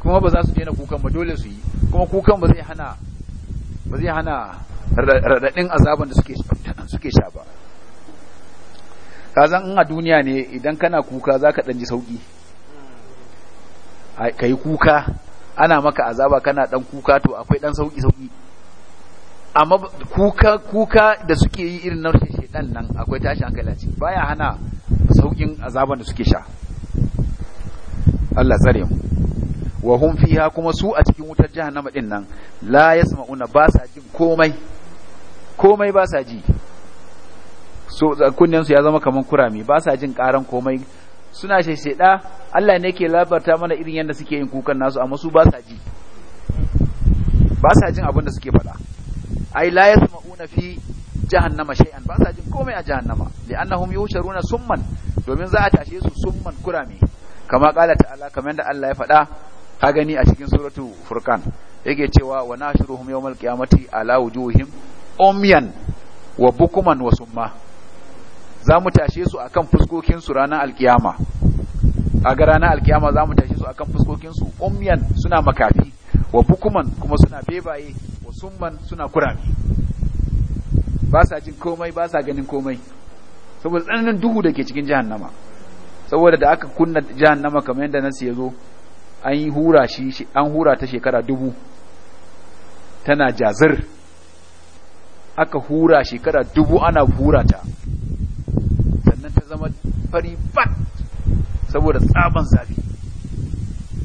kuma ba za su daina kukan ba dole su yi kuma kukan ba zai hana ba zai hana raɗaɗin azaban da suke suke sha ba zan in a duniya ne idan kana kuka zaka ɗan sauki sauƙi ka kuka ana maka azaba kana dan kuka to akwai dan sauki sauki amma kuka kuka da suke yi irin na rushe shedan nan akwai tashi hankali ce baya hana saukin azaban da suke sha Allah tsare mu wa hum fiha kuma su a cikin wutar jahannama din nan la yasma'una ba sa jin komai komai ba sa ji so kunnen su ya zama kaman kurame ba sa jin karan komai suna shesheda Allah ne ke labarta mana irin yadda suke yin kukan nasu amma su ba sa ji ba sa jin abin da suke faɗa ai la yasma'una fi jahannama shay'an ba sa jin komai a jahannama annahum yusharuna summan domin za a tashe su summan kurame kama qala ta'ala kamar yadda Allah ya faɗa ka gani a cikin suratu furqan yake cewa wa nashuruhum yawmal qiyamati ala wujuhim umyan wa bukuman wa summa za mu tashe su akan fuskokinsu ranar alkiyama a ga ranar alkiyama za mu tashe su akan fuskokinsu umyan suna makafi wa bukuman kuma suna bebaye wa summan suna kurami ba sa jin komai ba sa ganin komai saboda tsananin duhu da ke cikin jahannama saboda da aka kunna jahannama kamar yadda nasu ya zo an yi hura shi an hura ta shekara dubu tana jazir aka hura shekara dubu ana hura ta zama fari fat saboda tsaban zafi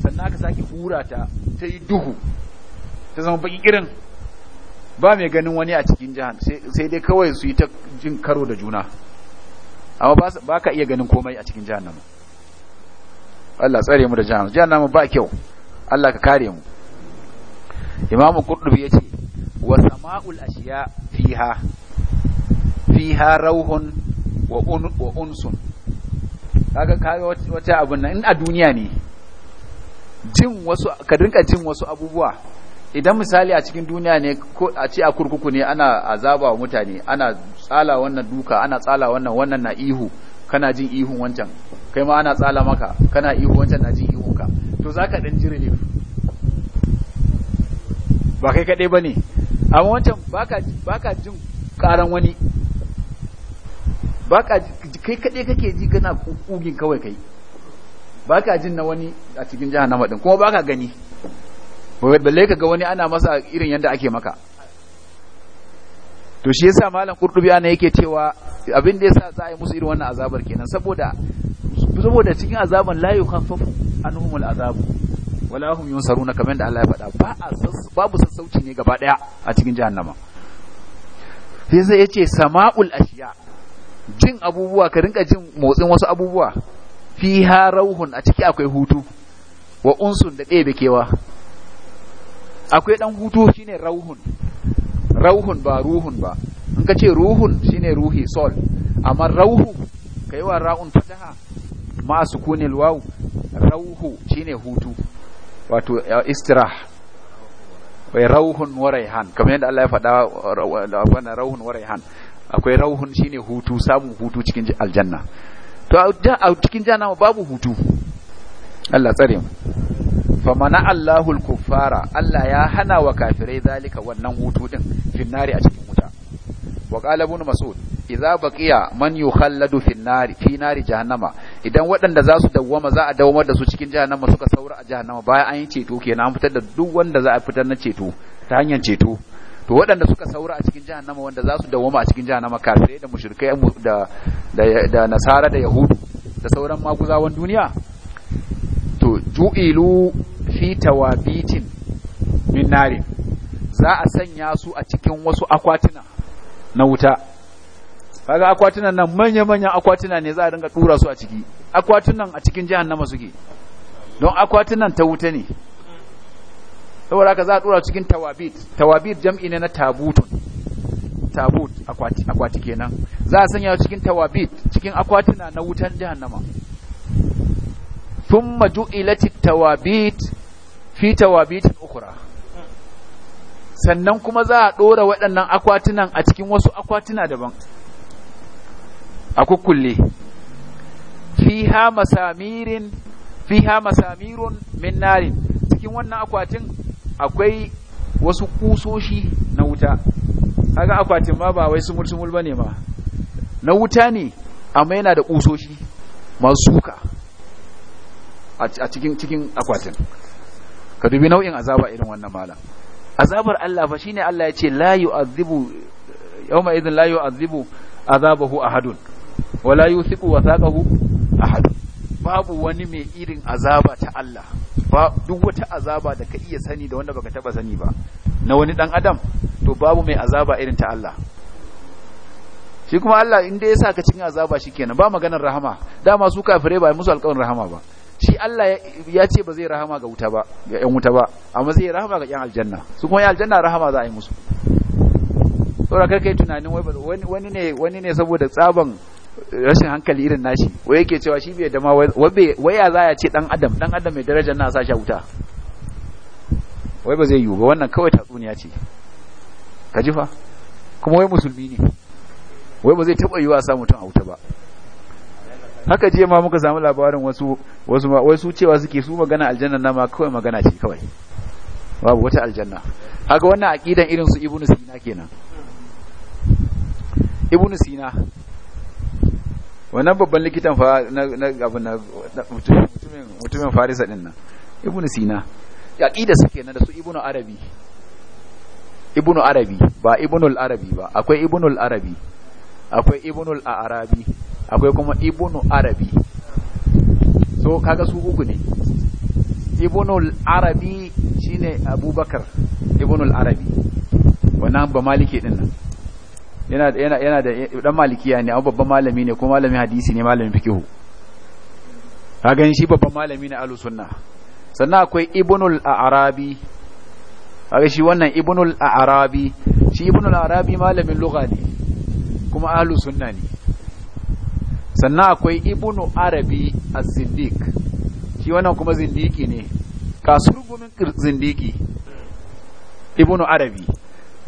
sannan aka sake hura ta ta yi duhu ta zama baki irin ba mai ganin wani a cikin jihar sai dai kawai su yi ta jin karo da juna amma ba ka iya ganin komai a cikin jihar namu Allah tsare mu da jihar jihar namu ba kyau Allah ka kare mu imamu kurdubi ya ce wa sama'ul ashiya fiha fiha rauhun wa unsun kaga kayo wata abun nan in a duniya ne jin wasu ka dinka jin wasu abubuwa idan misali a cikin duniya ne ko a ce a kurkuku ne ana azaba wa mutane ana tsala wannan duka ana tsala wannan wannan na ihu kana jin ihun wancan kai ma ana tsala maka kana ihu wancan na jin ihun ka to zaka dan ji relief ba kai kadai bane amma wancan baka baka jin karan wani ba ka kai kaɗai kake ji kana kugin kawai kai ba ka jin na wani a cikin na din kuma ba ka gani balle ka ga wani ana masa irin yadda ake maka to shi yasa malam kurdubi ana yake cewa abin da yasa za a yi musu irin wannan azabar kenan saboda saboda cikin azaban la yukaffafu anhumul azab wala hum yunsaruna kamar da Allah ya faɗa ba a babu sassauci ne gaba daya a cikin jahannama sai sai yace sama'ul ashiya jin abubuwa ka rinka jin motsin wasu abubuwa fiha rauhun a ciki akwai hutu wa unsun da ɗebe kewa akwai ɗan hutu shine rauhun rauhun ba ruhun ba in ka ce ruhun shine ruhi sol amma rauhu ka yi wa ra'un fataha masu kuni waw rauhu shine hutu wato istirah wai rauhun warai han, kamar yadda Allah ya faɗa wani rauhun warai han. akwai rauhun shine hutu samun hutu cikin aljanna to a cikin jahannama babu hutu Allah tsare mu Fa famana Allahul kuffara Allah ya hana wa kafirai zalika wannan hutu din finnari a cikin wuta wa qala ibn mas'ud idza baqiya man yukhalladu finnari fi nari jahannama idan waɗanda za su dawwama za a dawwamar da su cikin jahannama suka saura a jahannama bayan an yi ceto kenan an fitar da duk wanda za a fitar na ceto ta hanyar ceto to waɗanda suka saura a cikin jahannama wanda za su dawoma a cikin jahannama kafirai da mushrikai da nasara da yahudu da sauran maguzawan duniya to ju'ilu fi tawabitin min nari za a sanya su a cikin wasu akwatuna na wuta kaga akwatunan nan manya-manyan akwatuna ne za a dinga dura su a ciki akwatunan a cikin jahannama suke don akwatunan ta wuta ne saboda ka za a tura cikin tawabit tawabit jam'i ne na tabutun tabut akwati akwati kenan za a sanya cikin tawabit cikin akwatuna na wutan jahannama thumma ju'ilat tawabit fi tawabit ukhra sannan kuma za a dora waɗannan akwatunan a cikin wasu akwatuna daban a kukkulle fiha masamirin fiha masamirun min narin cikin wannan akwatin akwai wasu kusoshi na wuta kaga akwatin ma ba wai sumul sumul bane ma na wuta ne amma yana da kusoshi masu suka a cikin cikin akwatin ka dubi nau'in azaba irin wannan malam azabar Allah fa shine Allah ya ce la yu'adhibu yawma idhin la yu'adhibu azabahu ahadun wala yuthiqu wathaqahu ahad babu wani mai irin azaba ta Allah ba duk wata azaba da ka iya sani da wanda baka taba sani ba na wani dan adam to babu mai azaba irin ta Allah shi kuma Allah inda ya sa ka cikin azaba shikenan ba maganar rahama dama su kafire ba musu alƙawarin rahama ba shi Allah ya ce ba zai rahama ga wuta ba ga ƴan wuta ba amma zai rahama ga ƴan aljanna su kuma ya aljanna rahama za a yi musu saboda kai tunanin wai wani ne wani ne saboda tsaban rashin hankali irin nashi wai yake cewa shi bai dama wai ya za ya ce dan adam dan adam mai darajar na sa shi wuta wai ba zai yiwu ba wannan kawai tatsuniya ce ka ji fa kuma wai musulmi ne wai ba zai taba yiwa a sa mutum a wuta ba haka jiya ma muka samu labarin wasu wasu ma wai su cewa suke su magana aljanna na ma kawai magana ce kawai babu wata aljanna haka wannan aqidan irin su ibnu sina kenan ibnu sina wannan babban likitan fa na abin na mutumin mutumin farisa din nan ibnu sina aqida suke na da su ibnu arabi ibnu arabi ba ibnu arabi ba akwai ibnu al-arabi akwai ibnu al-arabi akwai kuma ibnu arabi so kaga su uku ne ibnu al-arabi shine abubakar ibnu arabi wannan ba maliki din nan yana yana yana da dan malikiya ne amma babban malami ne ko malamin hadisi ne malamin fiqh ka gani shi babban malami ne ahlus sunna sannan akwai ibnul arabi ka shi wannan ibnul arabi shi ibnul arabi malamin lugha ne kuma ahlus sunna ne sannan akwai ibnu arabi as-siddiq shi wannan kuma zindiki ne kasurgumin zindiki ibnu arabi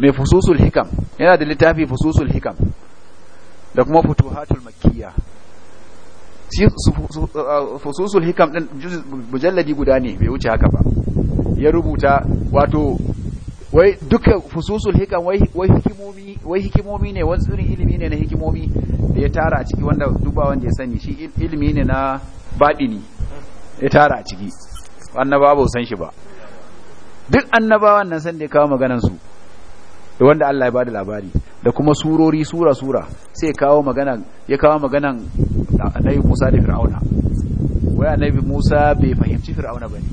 mai fususul hikam yana da littafi fususul hikam da kuma futuhatul makkiya uh, fususul hikam din mujalladi guda ne bai wuce haka ba ya rubuta wato wai duka fususul hikam wai hikimomi wai hikimomi ne wani tsirin ilimi ne na hikimomi da ya tara a ciki wanda duba wanda ya sani shi ilimi ne na baɗini ya tara a ciki annabawa ba san shi ba duk annabawan nan san da ya kawo maganansu da wanda Allah ya bada labari da kuma surori sura sura sai kawo magana ya kawo maganan annabi Musa da Fir'auna wai annabi Musa bai fahimci Fir'auna bane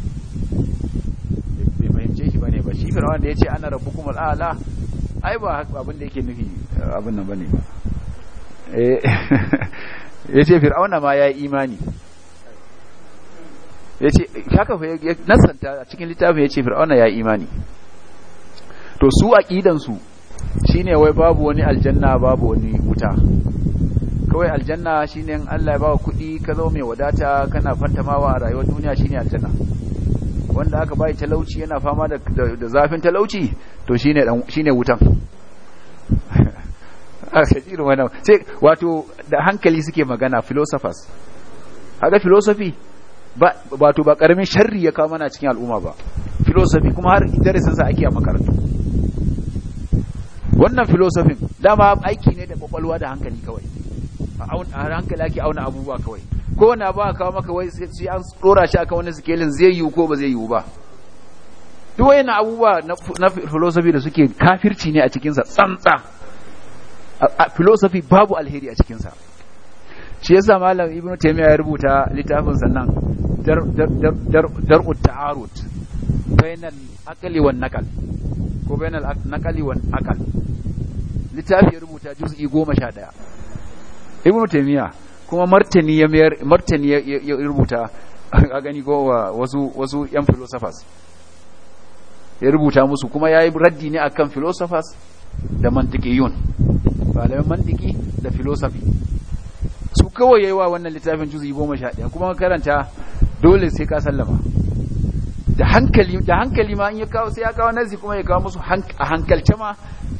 bai fahimce shi bane ba shi Fir'auna da yace ana rabbukum al'ala ai ba abin da yake nufi abin nan bane ba eh yace Fir'auna ma ya yi imani yace haka fa nasanta a cikin littafin yace Fir'auna yi imani to su aqidansu shine wai babu wani aljanna babu wani wuta kawai aljanna shine in Allah ya bawa kuɗi ka zo mai wadata kana fantamawa a rayuwar duniya shine aljanna wanda aka bai talauci yana fama da zafin talauci to shine dan shine wutan aka ji irin wannan sai wato da hankali suke magana philosophers haka philosophy ba wato ba karamin sharri ya kawo mana cikin al'umma ba philosophy kuma har darasin sa ake a makarantu wannan filosofin dama aiki ne da kwakwalwa da hankali kawai a hankali ake auna abubuwa kawai kowane abu a kawo maka wai sai an tsora shi akan wani sikelin zai yiwu ko ba zai yiwu ba duk wayannan abubuwa na filosofi da suke kafirci ne a cikinsa tsantsa filosofi babu alheri a cikinsa shi yasa malam ibnu taymiya ya rubuta littafin sannan dar'ut ta'arut bainal akali wan nakal. ko bainal naqali wal akal littafi ya rubuta juz'i 11 ibnu taymiya kuma martani ya martani ya rubuta a gani ko wasu wasu yan philosophers ya rubuta musu kuma yayi raddi ne akan philosophers da mantiqiyun malaman mantiki da philosophy su kawai yayi wa wannan littafin juz'i 11 kuma karanta dole sai ka sallama da hankali da hankali ma in ya kawo sai ya kawo nazi kuma ya kawo musu a hankalce ma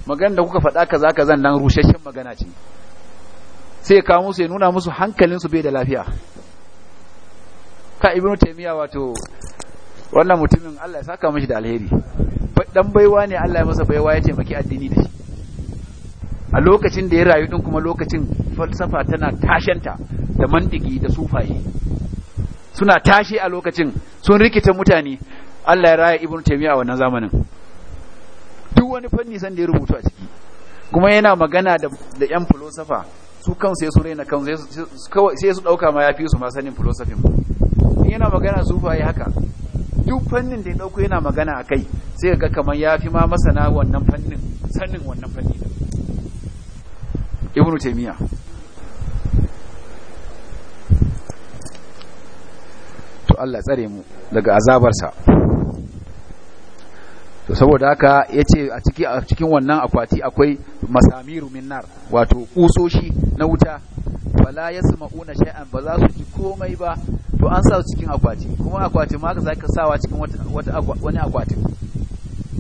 magana da kuka faɗa kaza kaza nan rushashen magana ce sai ya kawo musu ya nuna musu hankalinsu bai da lafiya ka ibnu taymiya wato wannan mutumin Allah ya saka mishi da alheri dan baiwa ne Allah ya masa baiwa ya taimaki addini da shi a lokacin da ya rayu din kuma lokacin falsafa tana tashanta da mantiki da sufaye suna tashi a lokacin sun rikita mutane Allah ya raya ibnu taymiya a wannan zamanin duk wani fanni san da ya rubuta a ciki kuma yana magana da da yan filosofa su kansu sai su raina kansu sai su dauka ma yafi su ma sanin filosofin yana magana su fa haka duk fannin da ya dauko yana magana akai sai ga kamar yafi ma masana wannan fannin sanin wannan fannin ibnu taymiya Allah tsare mu daga azabarsa to saboda haka yace a ciki a cikin wannan akwati akwai masamiru min nar wato kusoshi na wuta wala yasma'una shay'an ba za su ji komai ba to an sa su cikin akwati kuma akwati ma ka zaka sawa cikin wata wani akwati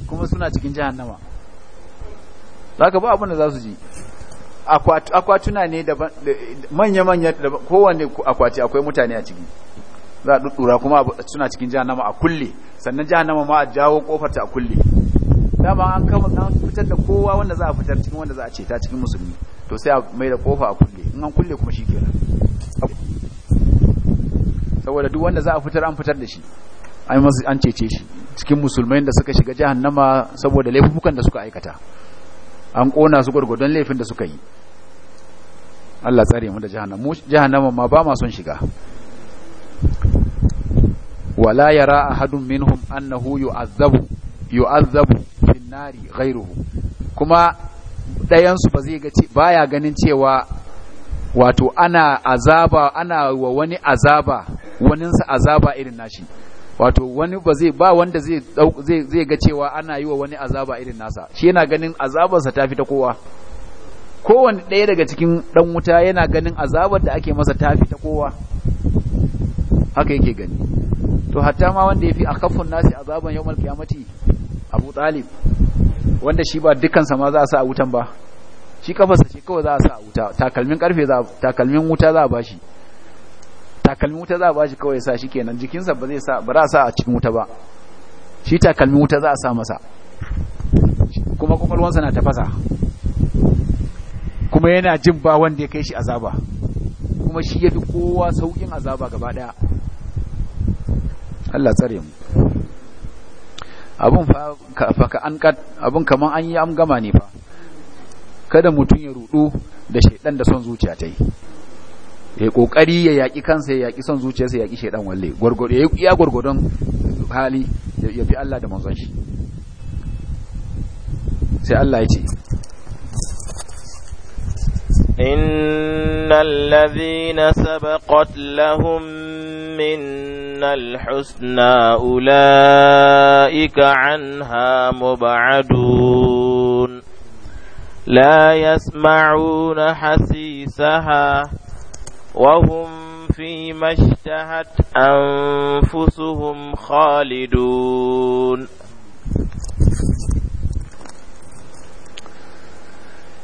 kuma suna cikin jahannama zaka ba abin da za su ji akwatuna ne daban manya-manya kowanne akwati akwai mutane a ciki za a ɗuɗɗura kuma suna cikin jahannama a kulle sannan jahannama ma a jawo kofar ta a kulle dama an kama an fitar da kowa wanda za a fitar cikin wanda za a ta cikin musulmi to sai a mai da kofa a kulle in an kulle kuma shi kenan saboda duk wanda za a fitar an fitar da shi an cece shi cikin musulmai da suka shiga jahannama saboda laifukan da suka aikata an kona su gwargwadon laifin da suka yi Allah tsare mu da jahannama jahannama ma ba ma son shiga wala yara أحد minhum أنه yu'azzabu yu'azzabu في النار غيره kuma ɗayan su ba zai ga baya ganin cewa wato ana azaba ana wa wani azaba waninsa azaba irin nashi wato wani ba zai ba wanda zai zai zai ga cewa ana yi wa wani azaba irin nasa shi yana ganin azabarsa ta fi ta kowa kowanne ɗaya daga cikin ɗan wuta yana ganin azabar da ake masa ta fi ta kowa haka yake gani to hatta ma wanda yafi akafun nasi azaban yawmal qiyamati Abu Talib wanda shi ba dukansa ma za a sa a wutan ba shi kafarsa shi kawai za a sa a wuta takalmin karfe za takalmin wuta za a bashi takalmin wuta za a bashi kawai sa shi kenan jikinsa ba zai sa ba za a sa a cikin wuta ba shi takalmin wuta za a sa masa kuma kwakwalwansa na tafasa kuma yana jin ba wanda ya kai shi azaba kuma shi ya fi kowa saukin azaba gaba daya Allah tsare mu abun fa ka an kad abun kaman an yi am gama ne fa kada mutum ya rudu da shaidan da son zuciya ta yi ya kokari ya yaki kansa ya yaki son zuciyarsa ya yaki shaidan walle gurgudu ya iya gurgudun hali ya bi Allah da manzon shi sai Allah ya ce
إن الذين سبقت لهم منا الحسنى أولئك عنها مبعدون لا يسمعون حسيسها وهم فيما اشتهت أنفسهم خالدون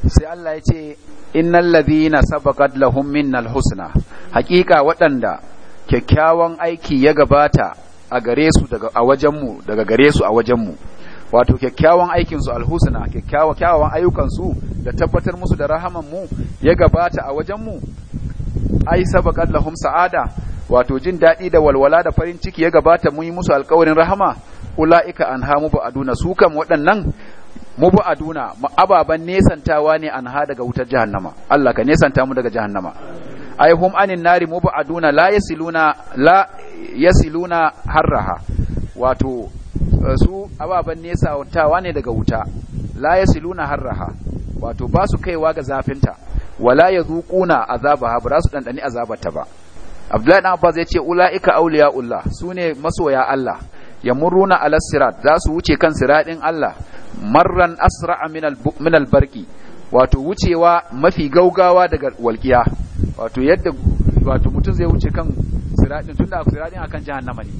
سي الله ya innal ladhina sabaqat lahum minnal husna haƙiƙa waɗanda kyakkyawan aiki ya gabata a gare su daga a wajenmu daga gare su a wajenmu wato kyakkyawan aikinsu alhusna kyakkyawan ayyukansu da tabbatar musu da rahamanmu ya gabata a wajenmu ai sabaqat lahum sa'ada wato jin daɗi da walwala da farin ciki ya gabata mu yi musu alƙawarin rahama ula'ika an ba aduna su kam waɗannan Aduna ababan nesantawa ne anha daga wutar jahannama Allah ka nesanta mu daga jahannama ay hum anin nari aduna la yasiluna la yasiluna harraha wato eh, su ababan nesantawa ne daga wuta la yasiluna harraha wato ba su kaiwa ga zafinta wala yazuquna azabaha ba su dandani azabarta ba Abdullahi dan Abbas zai ce ula'ika awliyaullah sune masoya Allah ya muruna ala sirat za su wuce kan siradin Allah marran asra'a min albarki wato wucewa mafi gaugawa daga walƙiya wato yadda wato mutum zai wuce kan siradin tunda siradin akan jahannama ne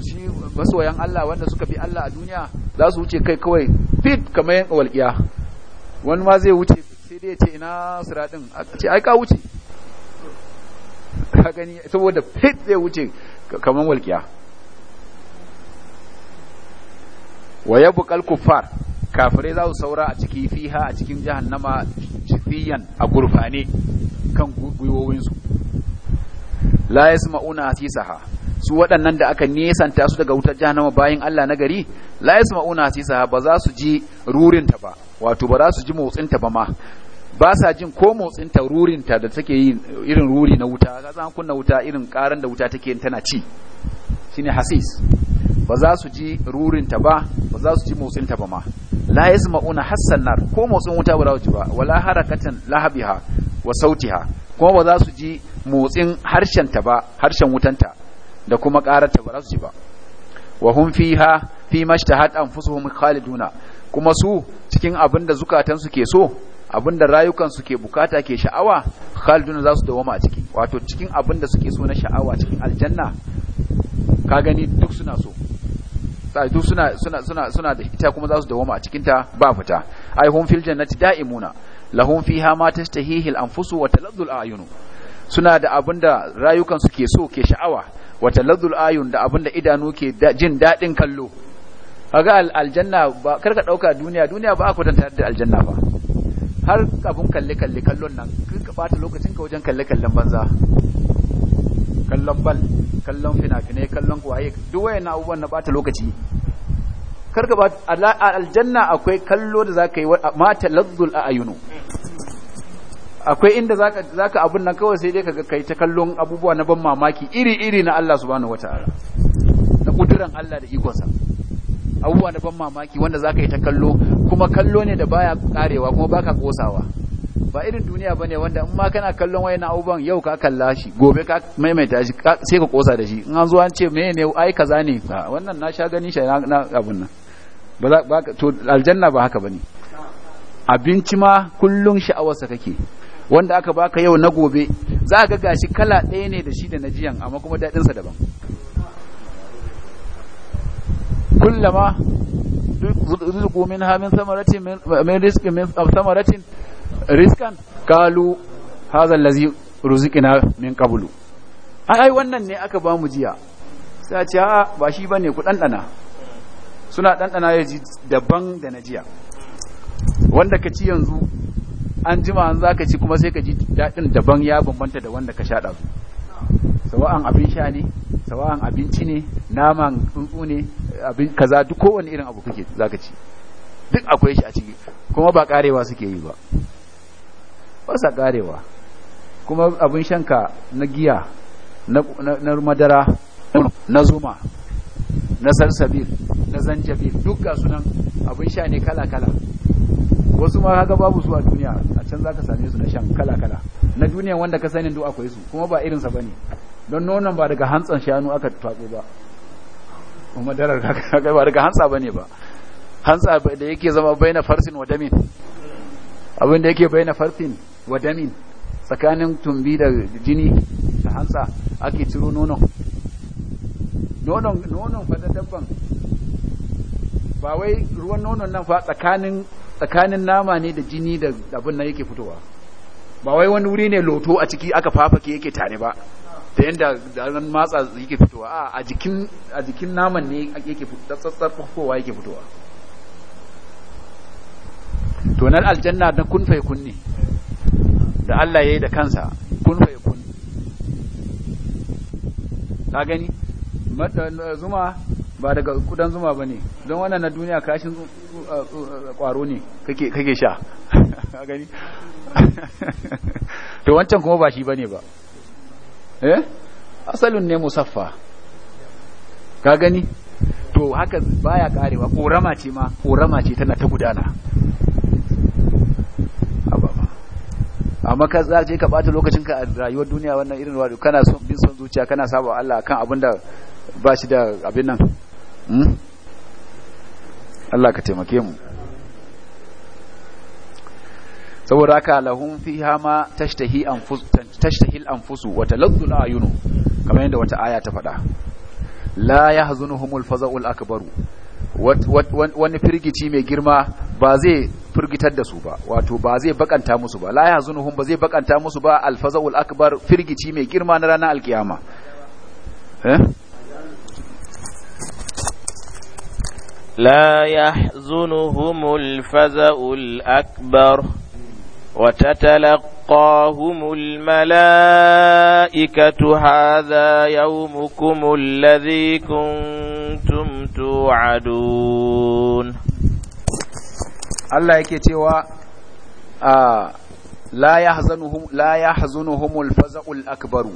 shi masoyan Allah wanda suka bi Allah a duniya za su wuce kai kawai fit kamar yan walƙiya wani ma zai wuce sai dai ce ina siradin ce ai ka wuce ka gani saboda fit zai wuce kamar walƙiya wa yabqal kuffar kafirai za su saura a ciki fiha a cikin jahannama jifiyan a gurfane kan gwiwowinsu la yasma'una Asisaha su waɗannan da aka nesanta su daga wutar jahannama bayan Allah na gari la yasma'una Asisaha ba za su ji rurinta ba wato ba za su ji motsinta ba ma ba sa jin ko motsinta rurinta da take yi irin ruri na wuta ga zan kunna wuta irin ƙaran da wuta take tana ci shine hasis ba za su ji rurinta ba ba za su ji motsinta ba ma la yasma'una hassan nar ko motsin wuta ba za su ji ba wala harakatan lahabiha wa sautiha kuma ba za su ji motsin harshen ta ba harshen wutanta da kuma ta ba za su ji ba wa hum fiha fi mashtahat anfusuhum khaliduna kuma su cikin abinda zukatansu ke so abinda rayukansu ke bukata ke sha'awa khaliduna za su dawo a ciki wato cikin abinda suke so na sha'awa cikin aljanna ka gani duk suna so duk suna suna suna suna da ita kuma za su dawoma a cikin ta ba fita ai hum fil jannati da'imuna lahum fiha ma tashtahihi al anfusu wa taladdu al ayunu suna da abinda rayukan su ke so ke sha'awa wa taladdu al ayun da abinda idanu ke jin dadin kallo kaga aljanna ba karka dauka duniya duniya ba a kwatanta da aljanna ba har abun kalle kalle kallon nan kin ka bata lokacin ka wajen kalle kallen banza kallon bal kallon fina-finai kallon waye duk wayan abubuwan na bata lokaci karka ba aljanna akwai kallo da zaka yi mata lazzul a ayunu akwai inda zaka zaka abun nan kawai sai dai kaga kai ta kallon abubuwa na ban mamaki iri-iri na Allah subhanahu wataala na kuduran Allah da ikonsa abubuwa na ban mamaki wanda zaka yi ta kallo kuma kallo ne da baya karewa kuma baka kosawa ba irin duniya bane wanda in ma kana kallon wayan abubuwan yau ka kalla shi gobe ka maimaita shi sai ka kosa da shi in an zo an ce me ne ai kaza ne wannan na sha gani shi na abun nan ba za ba to aljanna ba haka bane abinci ma kullun sha'awarsa kake wanda aka baka yau na gobe za ka ga gashi kala ɗaya ne da shi da najiyan amma kuma daɗin sa daban kullama rizqu minha min thamaratin min rizqin min samaratin Riskan. kalu haza lazi ruzikina min kabulu ai wannan ne aka ba mu jiya sai a ce a ba shi bane ku ɗanɗana suna dandana ji daban da na jiya wanda ka ci yanzu an jima an ka ci kuma sai ka ji daɗin daban ya bambanta da wanda ka sha ɗazu sawa'an abin sha ne sawa'an abinci ne naman tsuntsu ne abin kaza duk kowane irin abu kake ka ci duk akwai shi a ciki kuma ba karewa suke yi ba ba sa karewa kuma abin shanka na giya na madara na zuma na sarsabil na zanjabil duk ga sunan abin sha ne kala-kala wasu ma haka babu su a duniya a can za ka same su na shan kala-kala na duniya wanda ka sanin duk akwai su kuma ba irinsa ba ne don nonon ba daga hantsan shanu aka tatso ba kuma darar ba daga hantsa ba ne ba hantsa da yake zama bai na farsin wa damin abin da yake bai na farsin wa damin tsakanin tumbi da jini da hantsa ake ciro nono nonon nonon fa da dabban ba wai ruwan nonon nan fa tsakanin tsakanin nama ne da jini da abin nan yake fitowa ba wai wani wuri ne loto a ciki aka fafake yake tare ba ta yadda da matsa yake fitowa a jikin a jikin naman ne yake fitowa yake fitowa tonar aljanna na kunfai kunne. kunni da Allah ya yi da kansa kun fa kun ta gani zuma ba daga kudan zuma ba ne don wannan na duniya kashin kwaro ne kake sha ta gani to wancan kuma ba shi ba ne ba eh asalin ne musaffa ka gani to haka baya karewa ƙorama ce ma ƙorama ce tana ta gudana amma ka tsaje ka bata lokacin ka a rayuwar duniya wannan irin wadu kana son bin son zuciya kana saba Allah kan abin da ba shi da abin nan hmm? Allah ka taimake mu saboda haka lahum fiha ma tashtahi anfus tashtahi anfusu wa taladdu ayunu kamar yadda wata aya ta faɗa la yahzunuhumul faza'ul akbaru wani firgici mai girma ba zai firgitar da su ba wato ba zai bakanta musu ba la yahzunuhum ba zai bakanta musu ba alfazaul akbar firgici mai girma na ranar alkiyama
eh? la yahzunuhumul fazaul akbar wa tatalaqahumul malaikatu hadha yawmukum alladhi kuntum tu'adun
Allah yake cewa la humul faza'ul akbaru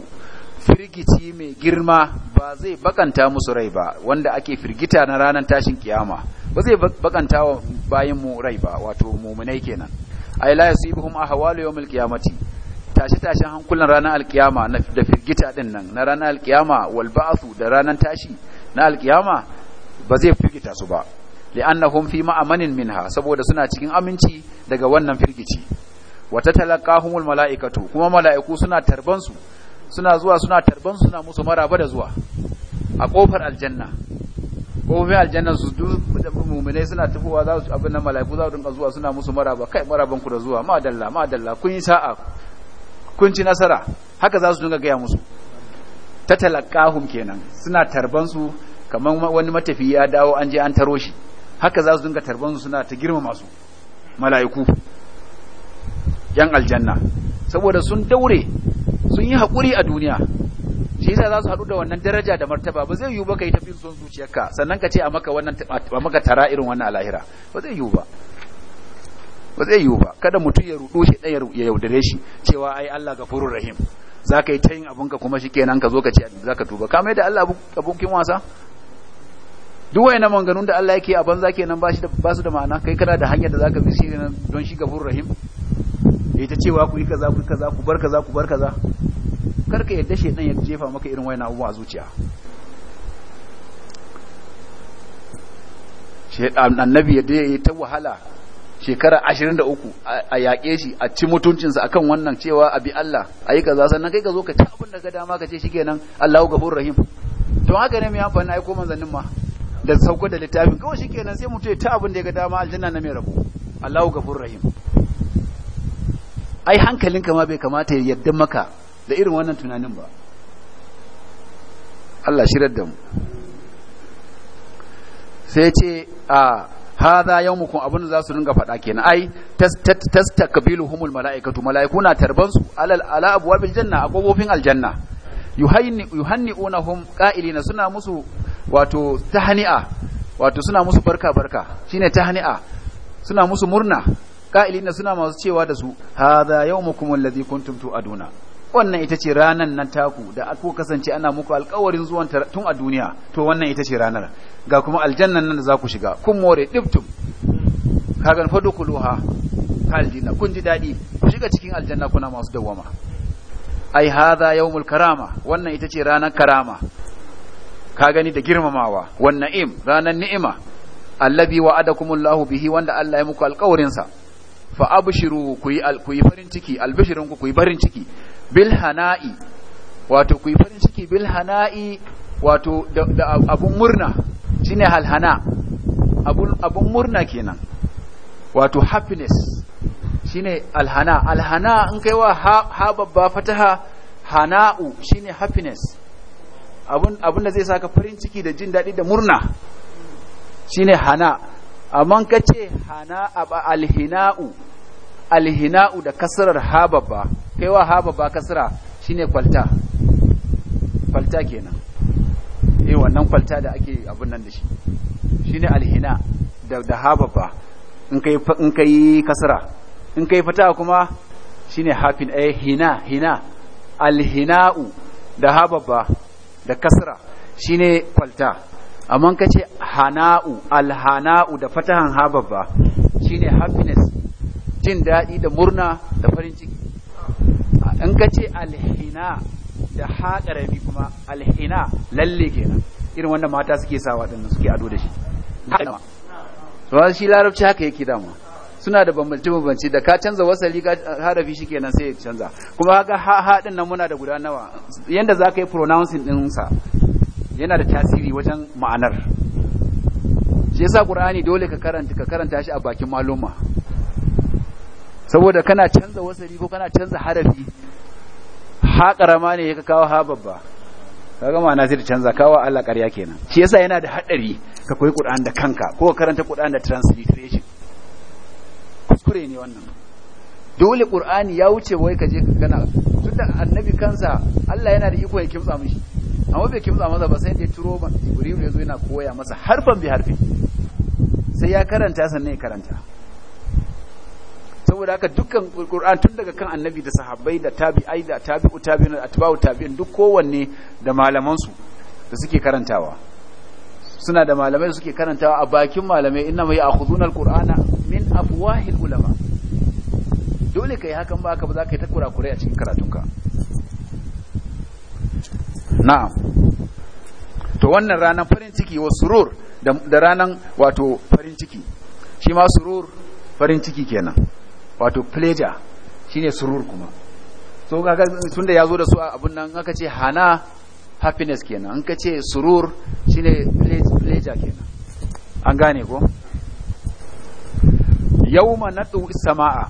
firgici mai girma ba zai bakanta musu rai ba wanda ake firgita na ranar tashin kiyama ba zai bakanta wa bayan mu rai ba wato mummunai kenan ay la yusibuhum ahwalu yawmil qiyamati tashi tashin hankulan ranar alkiyama da firgita din nan na ranar alkiyama wal ba'thu da ranar tashi na alkiyama ba zai firgita su ba li'annahum fi ma'amanin minha saboda suna cikin aminci daga wannan firgici wa tatalaqahumul mala'ikatu kuma mala'iku suna tarban su suna zuwa suna tarban suna musu maraba da zuwa a kofar aljanna kofar aljanna su duk mu'minai suna tafowa za su abin nan mala'iku za su dinga zuwa suna musu maraba kai maraban ku da zuwa ma dalla ma dalla kun yi sa'a kun ci nasara haka za su dinga gaya musu ta tatalaqahum kenan suna tarban su kamar wani matafiya dawo an je an taro shi haka za su dinga tarban su suna ta girmama su mala'iku yan aljanna saboda sun daure sun yi hakuri a duniya shi yasa za su haɗu da wannan daraja da martaba ba zai yiwu ba ka yi son zuciyarka sannan ka ce a maka wannan a maka tara irin wannan alahira ba zai yiwu ba ba zai yiwu ba kada mutum ya rudo shi ɗaya ya yaudare shi cewa ai Allah gafurur rahim za ka yi ta yin abinka kuma shi kenan ka zo ka ce za ka tuba kamar mai da Allah abokin wasa duk wayannan manganun da Allah yake a banza kenan ba shi da su da ma'ana kai kana da hanyar da zaka bi shi nan don shi gafur rahim eh ta cewa ku yi kaza ku yi kaza ku bar kaza ku bar kaza kar ka yadda dan ya jefa maka irin wayannan abubuwa a zuciya shedan annabi ya ya ta wahala shekara 23 a yaƙe shi a ci mutuncinsa akan wannan cewa abi Allah ayi kaza sannan kai ka zo ka ci abin da ga dama ka ce shikenan Allahu gafur rahim to haka ne mai amfani aiko manzannin ma da sauko da littafin kawai shi kenan sai mutu ya ta abin da ya ga dama aljanna na mai rabo Allahu gafur rahim ai hankalinka ma bai kamata ya yadda maka da irin wannan tunanin ba Allah shirar da mu sai ce a hadha abin da za su ringa faɗa kenan ai humul malaikatu malaiku na tarban su alal ala abwabil janna a kofofin aljanna yuhanni yuhanniunahum qa'ilina suna musu wato tahni'a wato suna musu barka barka shine tahni'a suna musu murna qa'ilina suna masu cewa da su hadha yawmukum alladhi kuntum tu'aduna wannan ita ce ranan nan taku da ku kasance ana muku alƙawarin zuwan tun a duniya to wannan ita ce ranar ga kuma aljannan nan da za ku shiga kun more diptum kagan fa dukuluha kaljina kun ji daɗi. ku shiga cikin aljanna kuna masu dawwama ai hadha yawmul karama wannan ita ce ranar karama ka gani da girmamawa wan na'im ranan ni'ima wa adakumullahu bihi wanda Allah ya muku alƙawarin fa abushiru ku yi farin ciki albishirun ku yi farin ciki bil hana'i wato ku yi farin ciki bil hana'i wato da abun murna shine halhana abun abun murna kenan wato happiness shine alhana alhana in kai wa ha babba fataha hana'u shine happiness abun da zai saka farin ciki da jin daɗi da murna shine hana amma ka ce hana alhina'u alhina'u da kasarar hababba kaiwa hababba kasra shine kwalta kwalta kenan eh wannan kwalta da ake abun nan da shi shine alhina da da hababba in kai in kai in in kai fata kuma shine hafin eh hina hina alhina'u da hababba da kasra shine kwalta amma ka ce hana'u alhana'u da fatahan hababba shine happiness jin daɗi da murna da farin ciki in ka alhina da haƙarami kuma alhina lalle kenan irin wanda mata suke sawa ɗin suke ado da shi so shi larabci haka yake dama suna da bambanci bambanci da ka canza wasali ka harafi shikenan sai ya canza kuma haka ha ha din nan muna da guda nawa yanda zaka yi pronouncing din sa yana da tasiri wajen ma'anar shi yasa qur'ani dole ka karanta ka karanta shi a bakin maluma saboda kana canza wasali ko kana canza harafi ha karama ne ka kawo ha babba kaga ma'ana sai ta canza kawo Allah ƙarya kenan shi yasa yana da hadari ka koyi qur'ani da kanka ko ka karanta qur'ani da transliteration kuskure ne wannan dole qur'ani ya wuce wai kaje ka gana tunda annabi kansa Allah yana da iko ya kimtsa mishi amma bai kimtsa masa ba sai da turo ba ibrahim ya zo yana koya masa harfan bi harfi sai ya karanta sannan ya karanta saboda haka dukkan qur'an tun daga kan annabi da sahabbai da tabi'ai da tabi'u tabi'in atba'u tabi'in duk kowanne da malaman su da suke karantawa suna da malamai da suke karantawa a bakin malamai inna mai akhuduna alqur'ana afwahi ulama dole ka yi hakan ba ka ba za ka yi ta kurakurai a cikin karatunka na'am to wannan ranar farin ciki wa surur da ranar wato farin ciki shi ma surur farin ciki kenan wato shi shine surur kuma so da tunda yazo da su a abun nan aka ce hana happiness kenan an ka ce surur shine pleja kenan an gane ko يوم نطوي السماء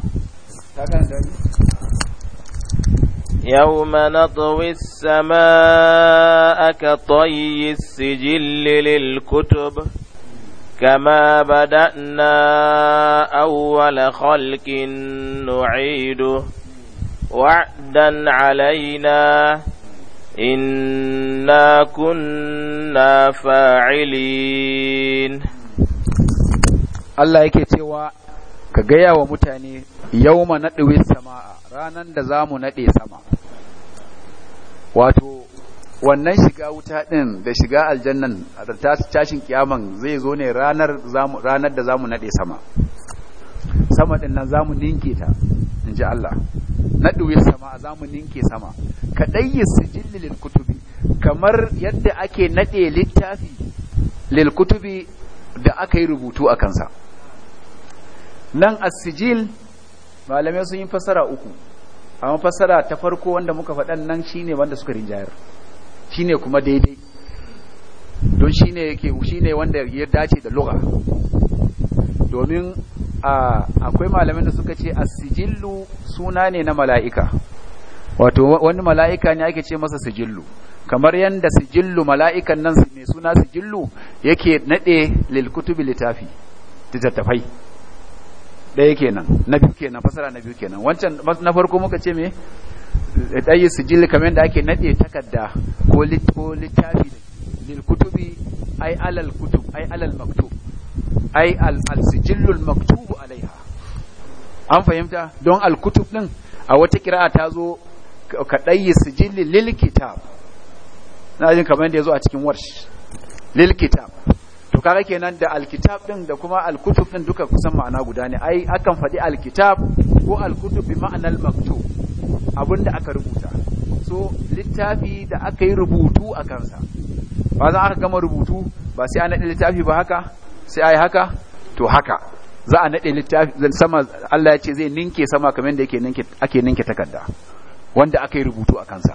يوم نطوي السماء كطي السجل للكتب كما بدأنا أول خلق نعيده وعدا علينا إنا كنا فاعلين الله يكتوى
ka gaya wa mutane yauma naɗuwi sama'a ranar da za mu naɗe sama wato wannan shiga wuta ɗin da shiga aljannan da tashin kiyaman zai zo ne ranar da za mu naɗe sama sama ɗin nan za mu ninke ta in ji Allah naɗuwi sama'a za mu ninke sama ka ɗayi sijillin kutubi kamar yadda ake naɗe littafi lil kutubi da aka yi rubutu a kansa nan asijil sijil malamai sun yi fasara uku amma fasara ta farko wanda muka faɗan nan shine wanda suka rinjayar ne kuma daidai don ne yake ne wanda ya dace da lura domin akwai malamai da suka ce as-sijillu suna ne na mala'ika wato wani mala'ika ne ake ce masa sijillu kamar yanda sijillu mala'ikan nan mai suna sijillu yake nade lil littafi littattafai ɗaya kenan na biyu kenan fasara na biyu kenan wancan na farko muka ce me su sijil kamar da ake naɗe takarda ko littafi lil kutubi ai alal kutub ai alal maktub ai al sijilul maktub alaiha an fahimta don al kutub din a wata kira'a ta zo ka dayi sijil lil kitab na jin kamar da ya zo a cikin warsh lil kitab to kaga kenan da alkitab din da kuma alkutub din duka kusan ma'ana guda ne ai akan faɗi alkitab ko alkutub bi ma'anar maktub da aka rubuta so littafi da aka yi rubutu a kansa ba za aka gama rubutu ba sai an naɗe littafi ba haka sai a haka to haka za a naɗe littafi sama Allah ya ce zai ninke sama kamar da ake ninke takarda wanda aka yi rubutu a kansa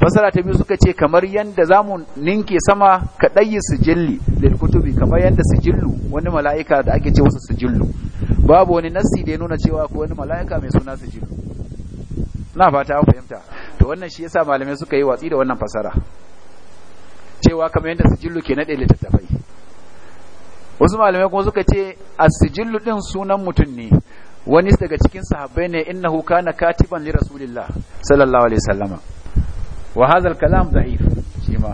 fasara ta biyu suka ce kamar za zamu ninke sama ka dayi sijilli lil kutubi kamar su sijillu wani mala'ika da ake ce wasu sijillu babu wani nassi da ya nuna cewa ko wani mala'ika mai suna sijillu na fata an fahimta to wannan shi yasa malamai suka yi watsi da wannan fasara cewa kamar su sijillu ke naɗe littattafai wasu malamai kuma suka ce su sijillu ɗin sunan mutum ne wani daga cikin sahabbai ne innahu kana katiban li rasulillah sallallahu alaihi wasallama wa hadha kalam da'if shima.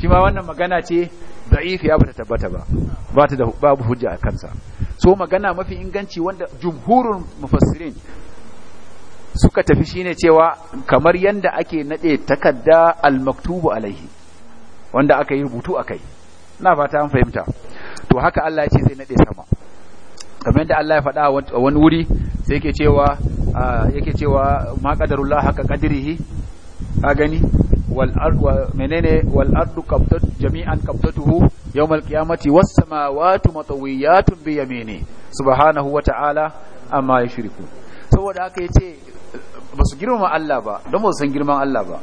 Shima wannan magana ce da'if ya bata tabbata ba ba ta da babu hujja a kansa so magana mafi inganci wanda jumhurul mufassirin suka tafi shine cewa kamar yanda ake nade takadda al-maktubu alaihi wanda aka yi rubutu akai ina fata an fahimta to haka Allah ya ce zai nade sama kamar yadda Allah ya faɗa a wani wuri sai yake cewa yake cewa ma qadarullah haka qadrihi ka gani wal menene wal ardu jami'an kabtatuhu yawm al qiyamati was samawati matawiyatun bi yamini subhanahu wa ta'ala amma yushriku saboda haka yace ba su girman Allah ba don ba su san girman Allah ba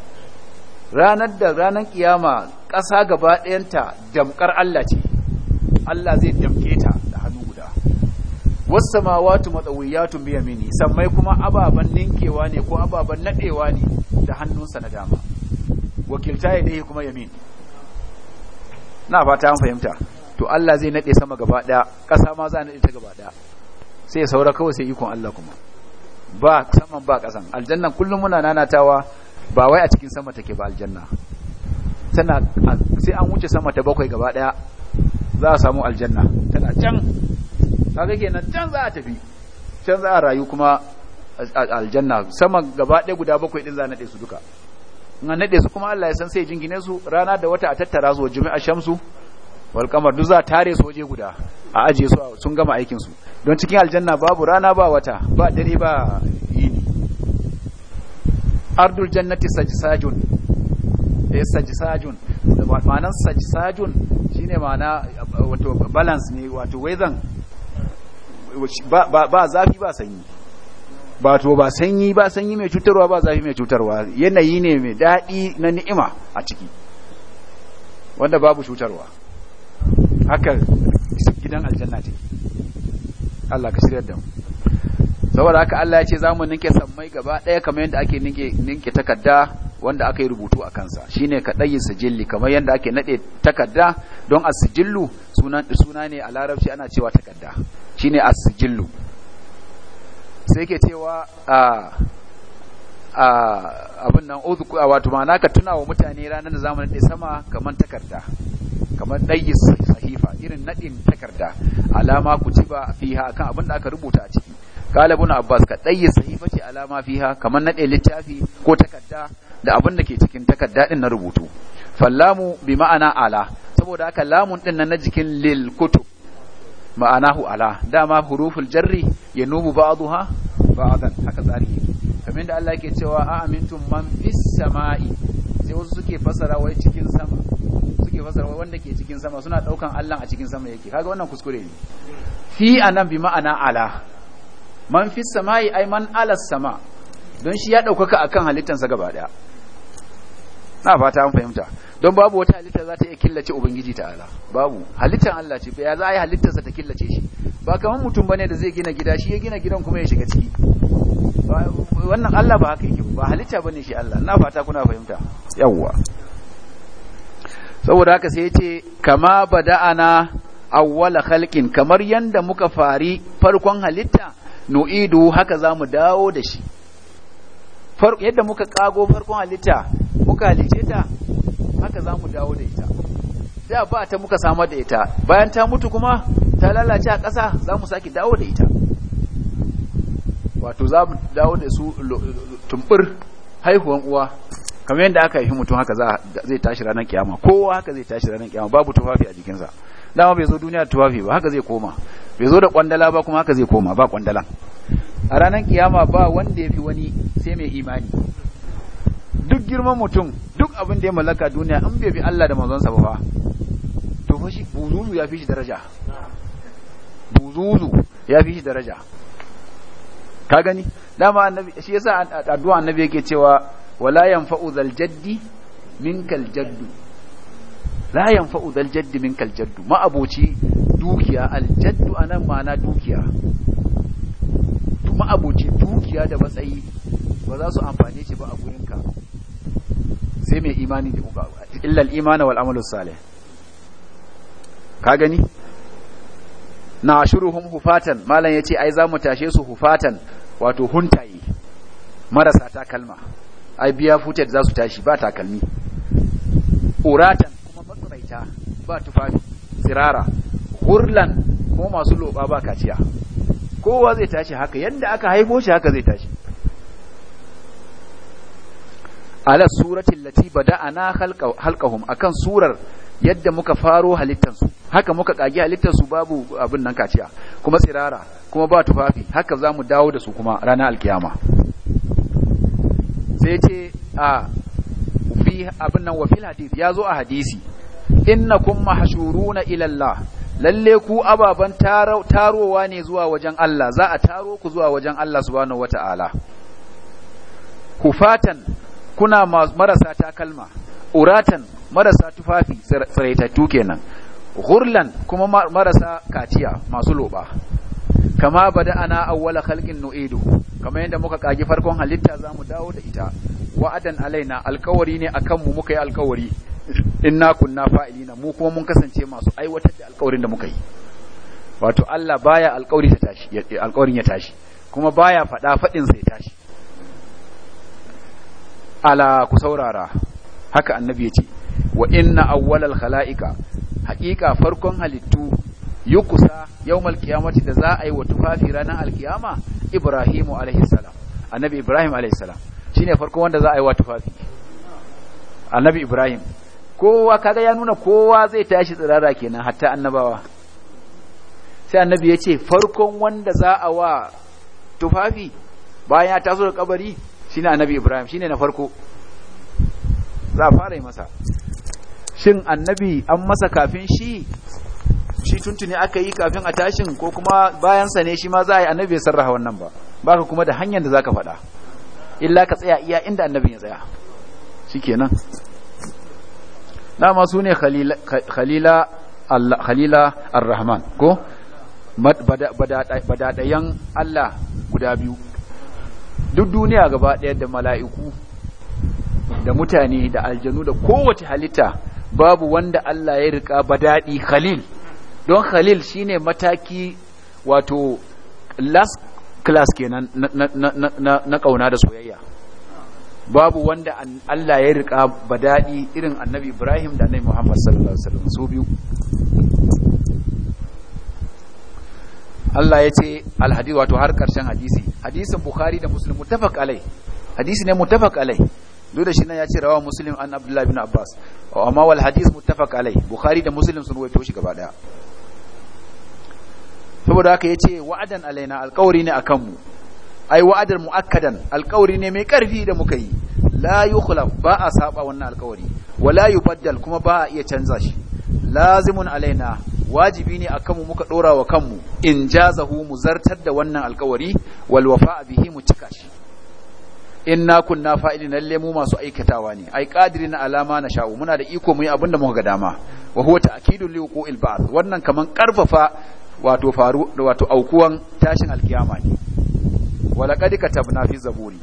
ranar da ranar kiyama ƙasa gaba ɗayanta damkar Allah ce Allah zai damke ta da hannu wasu ya matsawiyatun biya mini sammai kuma ababen ninkewa ne ko ababen naɗewa ne da hannunsa na dama wakilta ya ɗaya kuma yamin na fata an fahimta to Allah zai nade sama gaba ɗaya ƙasa ma za a naɗe ta gaba ɗaya sai saura kawai sai ikon Allah kuma ba saman ba ƙasan aljannan kullum muna nanatawa ba wai a cikin sama take ba aljanna tana sai an wuce sama ta bakwai gaba ɗaya za a samu aljanna tana can kaga kenan can za a tafi can za a rayu kuma aljanna sama gaba ɗaya guda bakwai din za a naɗe su duka in an naɗe su kuma Allah ya san sai jingine su rana da wata a tattara su jumi'a shamsu wal kamar duk za a tare su waje guda a aje su sun gama aikin su don cikin aljanna babu rana ba wata ba dare ba yini ardul jannati sajsajun eh sajsajun ma'anan sajsajun shine ma'ana wato balance ne wato wezan ba zafi ba sanyi ba to ba sanyi ba sanyi mai cutarwa ba zafi mai cutarwa yanayi ne mai daɗi na ni'ima a ciki wanda babu cutarwa haka gidan aljanna ce Allah ka shirya da mu saboda haka Allah ya ce za mu ninke sammai gaba ɗaya kamar yadda ake ninke ninke takarda wanda aka yi rubutu a kansa shine kadayin sijilli kamar yadda ake nade takarda don a sijillu sunan suna ne a larabci ana cewa takarda shine a sigillu sai ke cewa a abin nan a wato na ka tuna wa mutane ranar da zamanin da sama kamar takarda kamar ɗayi sahifa irin naɗin takarda alama ku ci ba fi fiha kan abin da aka rubuta a ciki kala abbas ka ɗayi sahifa ce alama fiha kamar naɗe littafi ko takarda da abin da ke cikin takarda ɗin na rubutu fallamu bi ma'ana ala saboda haka lamun ɗin na jikin lil kutub ma'anahu ala dama huruful jarri yanubu ba'daha ba'dan haka tsari kamar da Allah yake cewa a amintum man fis sama'i sai wasu suke fasara wai cikin sama suke fasara wai wanda ke cikin sama suna daukan Allah a cikin sama yake kaga wannan kuskure ne fi anan bi ma'ana ala man fis sama'i ay man ala sama don shi ya daukaka akan halittansa gaba daya na fata an fahimta don babu wata halitta za ta iya killace ubangiji ta ala babu halittar Allah ce ya za a yi halittarsa ta killace shi ba kamar mutum bane da zai gina gida shi ya gina gidan kuma ya shiga ciki wannan Allah ba haka yake ba halitta bane shi Allah na fata kuna fahimta yawwa saboda haka sai ce kama bada'ana awwala khalqin kamar yanda muka fari farkon halitta nu'idu haka zamu dawo da shi yadda muka kago farkon halitta muka halice ta haka za mu dawo da ita da ba ta muka samar da ita bayan ta mutu kuma ta lalace a ƙasa za mu sake dawo da ita wato za mu dawo da su tumbur haihuwan uwa kamar yadda aka yi mutum haka zai tashi ranar kiyama kowa haka zai tashi ranar kiyama babu tufafi a jikinsa dama bai zo duniya da tufafi ba haka zai koma bai zo da kwandala ba kuma haka zai koma ba kwandalan a ranar kiyama ba wanda ya fi wani sai mai imani duk girman mutum duk abin da ya mallaka duniya an bai bi Allah da manzonsa ba to fa shi buzuzu ya fi shi daraja buzuzu ya fi shi daraja ka gani dama annabi shi yasa addu'a annabi yake cewa wala yanfa'u zal jaddi minkal jaddu la yanfa'u zal jaddi minkal jaddu ma aboci dukiya al jaddu anan ma'ana dukiya ma aboci dukiya da matsayi ba za su amfane shi ba a gurinka sai mai imani da uba illal imana wal amalu salih ka gani na shuruhum hufatan malam yace ai za mu tashe su hufatan wato huntaye marasa takalma ai biya futar za su tashi ba takalmi uratan kuma matsaraita ba tufafi sirara hurlan kuma masu loba ba kaciya kowa zai tashi haka yadda aka haifo shi haka zai tashi ala suratin lati bada'ana halqahum akan surar yadda muka faro halittansu haka muka kage halittansu babu abin nan kaciya kuma tsirara kuma ba tufafi haka za mu dawo da su kuma ranar alkiyama sai ce a fi abin nan wafil hadith ya zo a hadisi innakum mahshuruna ila Allah lalle ku ababan tarowa ne zuwa wajen Allah za a taro ku zuwa wajen Allah subhanahu wataala kufatan kuna marasa takalma uratan marasa tufafi tsiraitattu kenan hurlan kuma marasa kaciya masu loba kama bada ana awwala khalqin nu'idu kama yadda muka kage farkon halitta zamu dawo da ita wa'adan alaina alkawari ne akan mu muka yi alkawari inna kunna fa'ilina mu kuma mun kasance masu aiwatar da alkawarin da muka yi wato Allah baya alkawari ta tashi alkawarin ya tashi kuma baya fada fadin sai tashi ala ku saurara haka annabi ya ce wa inna awwalal khala'ika haƙiƙa farkon halittu yukusa yawmal qiyamati da za a yi wa tufafi ranar alkiyama ibrahimu alaihi salam annabi ibrahim alaihi salam shine farkon wanda za a yi wa tufafi annabi ibrahim kowa kaga ya nuna kowa zai tashi tsirara kenan hatta annabawa sai annabi ya ce farkon wanda za a wa tufafi bayan ya taso da kabari shine annabi ibrahim shine na farko za a fara yi masa shin annabi an masa kafin shi shi tuntuni aka yi kafin a tashin ko kuma bayansa ne shi ma za a yi annabi ya sarraha wannan ba ka kuma da hanyar da za ka faɗa illa ka tsaya iya inda annabin ya tsaya shi shikenan dama su ne khalila khalila rahman ko badadayan Allah guda biyu duk duniya gaba ɗaya da mala'iku da mutane da aljanu da kowace halitta babu wanda Allah ya rika daɗi khalil don khalil shine mataki wato last class kenan na ƙauna da soyayya babu wanda Allah ya rika daɗi irin annabi Ibrahim da annabi Muhammad sallallahu alaihi wasallam su biyu Allah ya ce alhadi wato har ƙarshen hadisi hadisin bukhari da muslim mutafak alai hadisi ne mutafak alai duk da shi nan ya ce rawa muslim an abdullahi bin abbas amma wal hadis mutafak alai bukhari da muslim sun ruwaito shi gaba daya saboda haka yace wa'adan alaina alƙawari ne akan mu ai wa'adan muakkadan alƙawari ne mai ƙarfi da muka yi la yukhlaf ba a saba wannan alƙawari wala yubaddal kuma ba a iya canza shi lazimun alaina wajibi ne akan mu muka dora wa kanmu in jazahu mu zartar da wannan alkawari wal wafa bihi mu cika shi inna kunna fa'ilin lalle mu masu aikatawa ne ai qadirin alama na sha'u muna da iko mu yi abinda muka ga dama wa huwa ta'kidul liwuqul ba'th wannan kaman karfafa wato faru wato aukuwan tashin alkiyama ne wa laqad katabna fi zaburi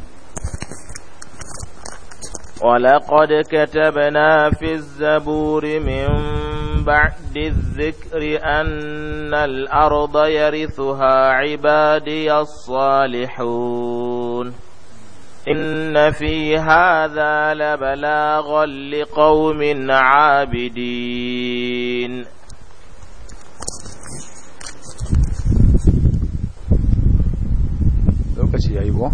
ولقد كتبنا في الزبور من بعد الذكر أن الأرض يرثها عبادي الصالحون إن في هذا لبلاغا لقوم عابدين
lokaci yayi أيوه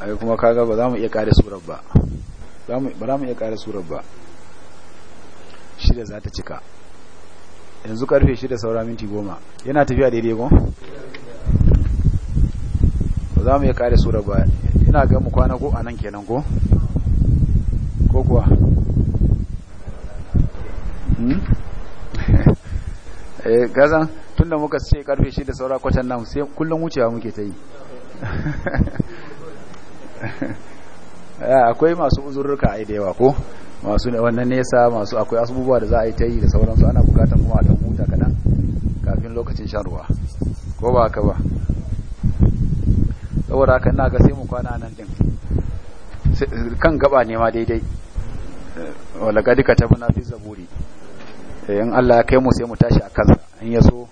ai kuma kaga ba za mu iya kare surar ba ba za mu iya kare surar ba shida za ta cika yanzu karfe shida saura minti goma yana tafiya daidai gon ba za mu iya kare surar ba ina ga mu kwana ko a nan kenan ko ko kuwa hmm? eh gazan tunda muka ce karfe shi da saura kwacan nan sai kullum wucewa muke ta yi akwai masu uzurruka a da ko masu ne wannan nesa masu akwai asubuwa da za a yi ta yi da sauransu ana bukatar kuma a dan huta kaɗan kafin lokacin shan ruwa ko ba ka ba saboda kan na ga sai mu kwana nan din kan gaba ne ma daidai wala ga duka ta fi zaburi eh, in Allah ya kai mu sai mu tashi a kansa in yaso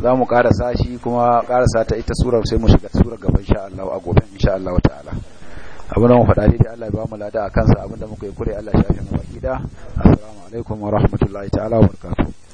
za mu karasa sashi kuma karasa sata ita surar sai mu shiga surar gaban insha Allah a gobe insha Allah wa ta'ala abin da mu faɗa dai Allah ya ba mu lada a kansa abin da muka yi kure Allah ya shafe mu baki da assalamu alaikum wa rahmatullahi ta'ala wa barakatuh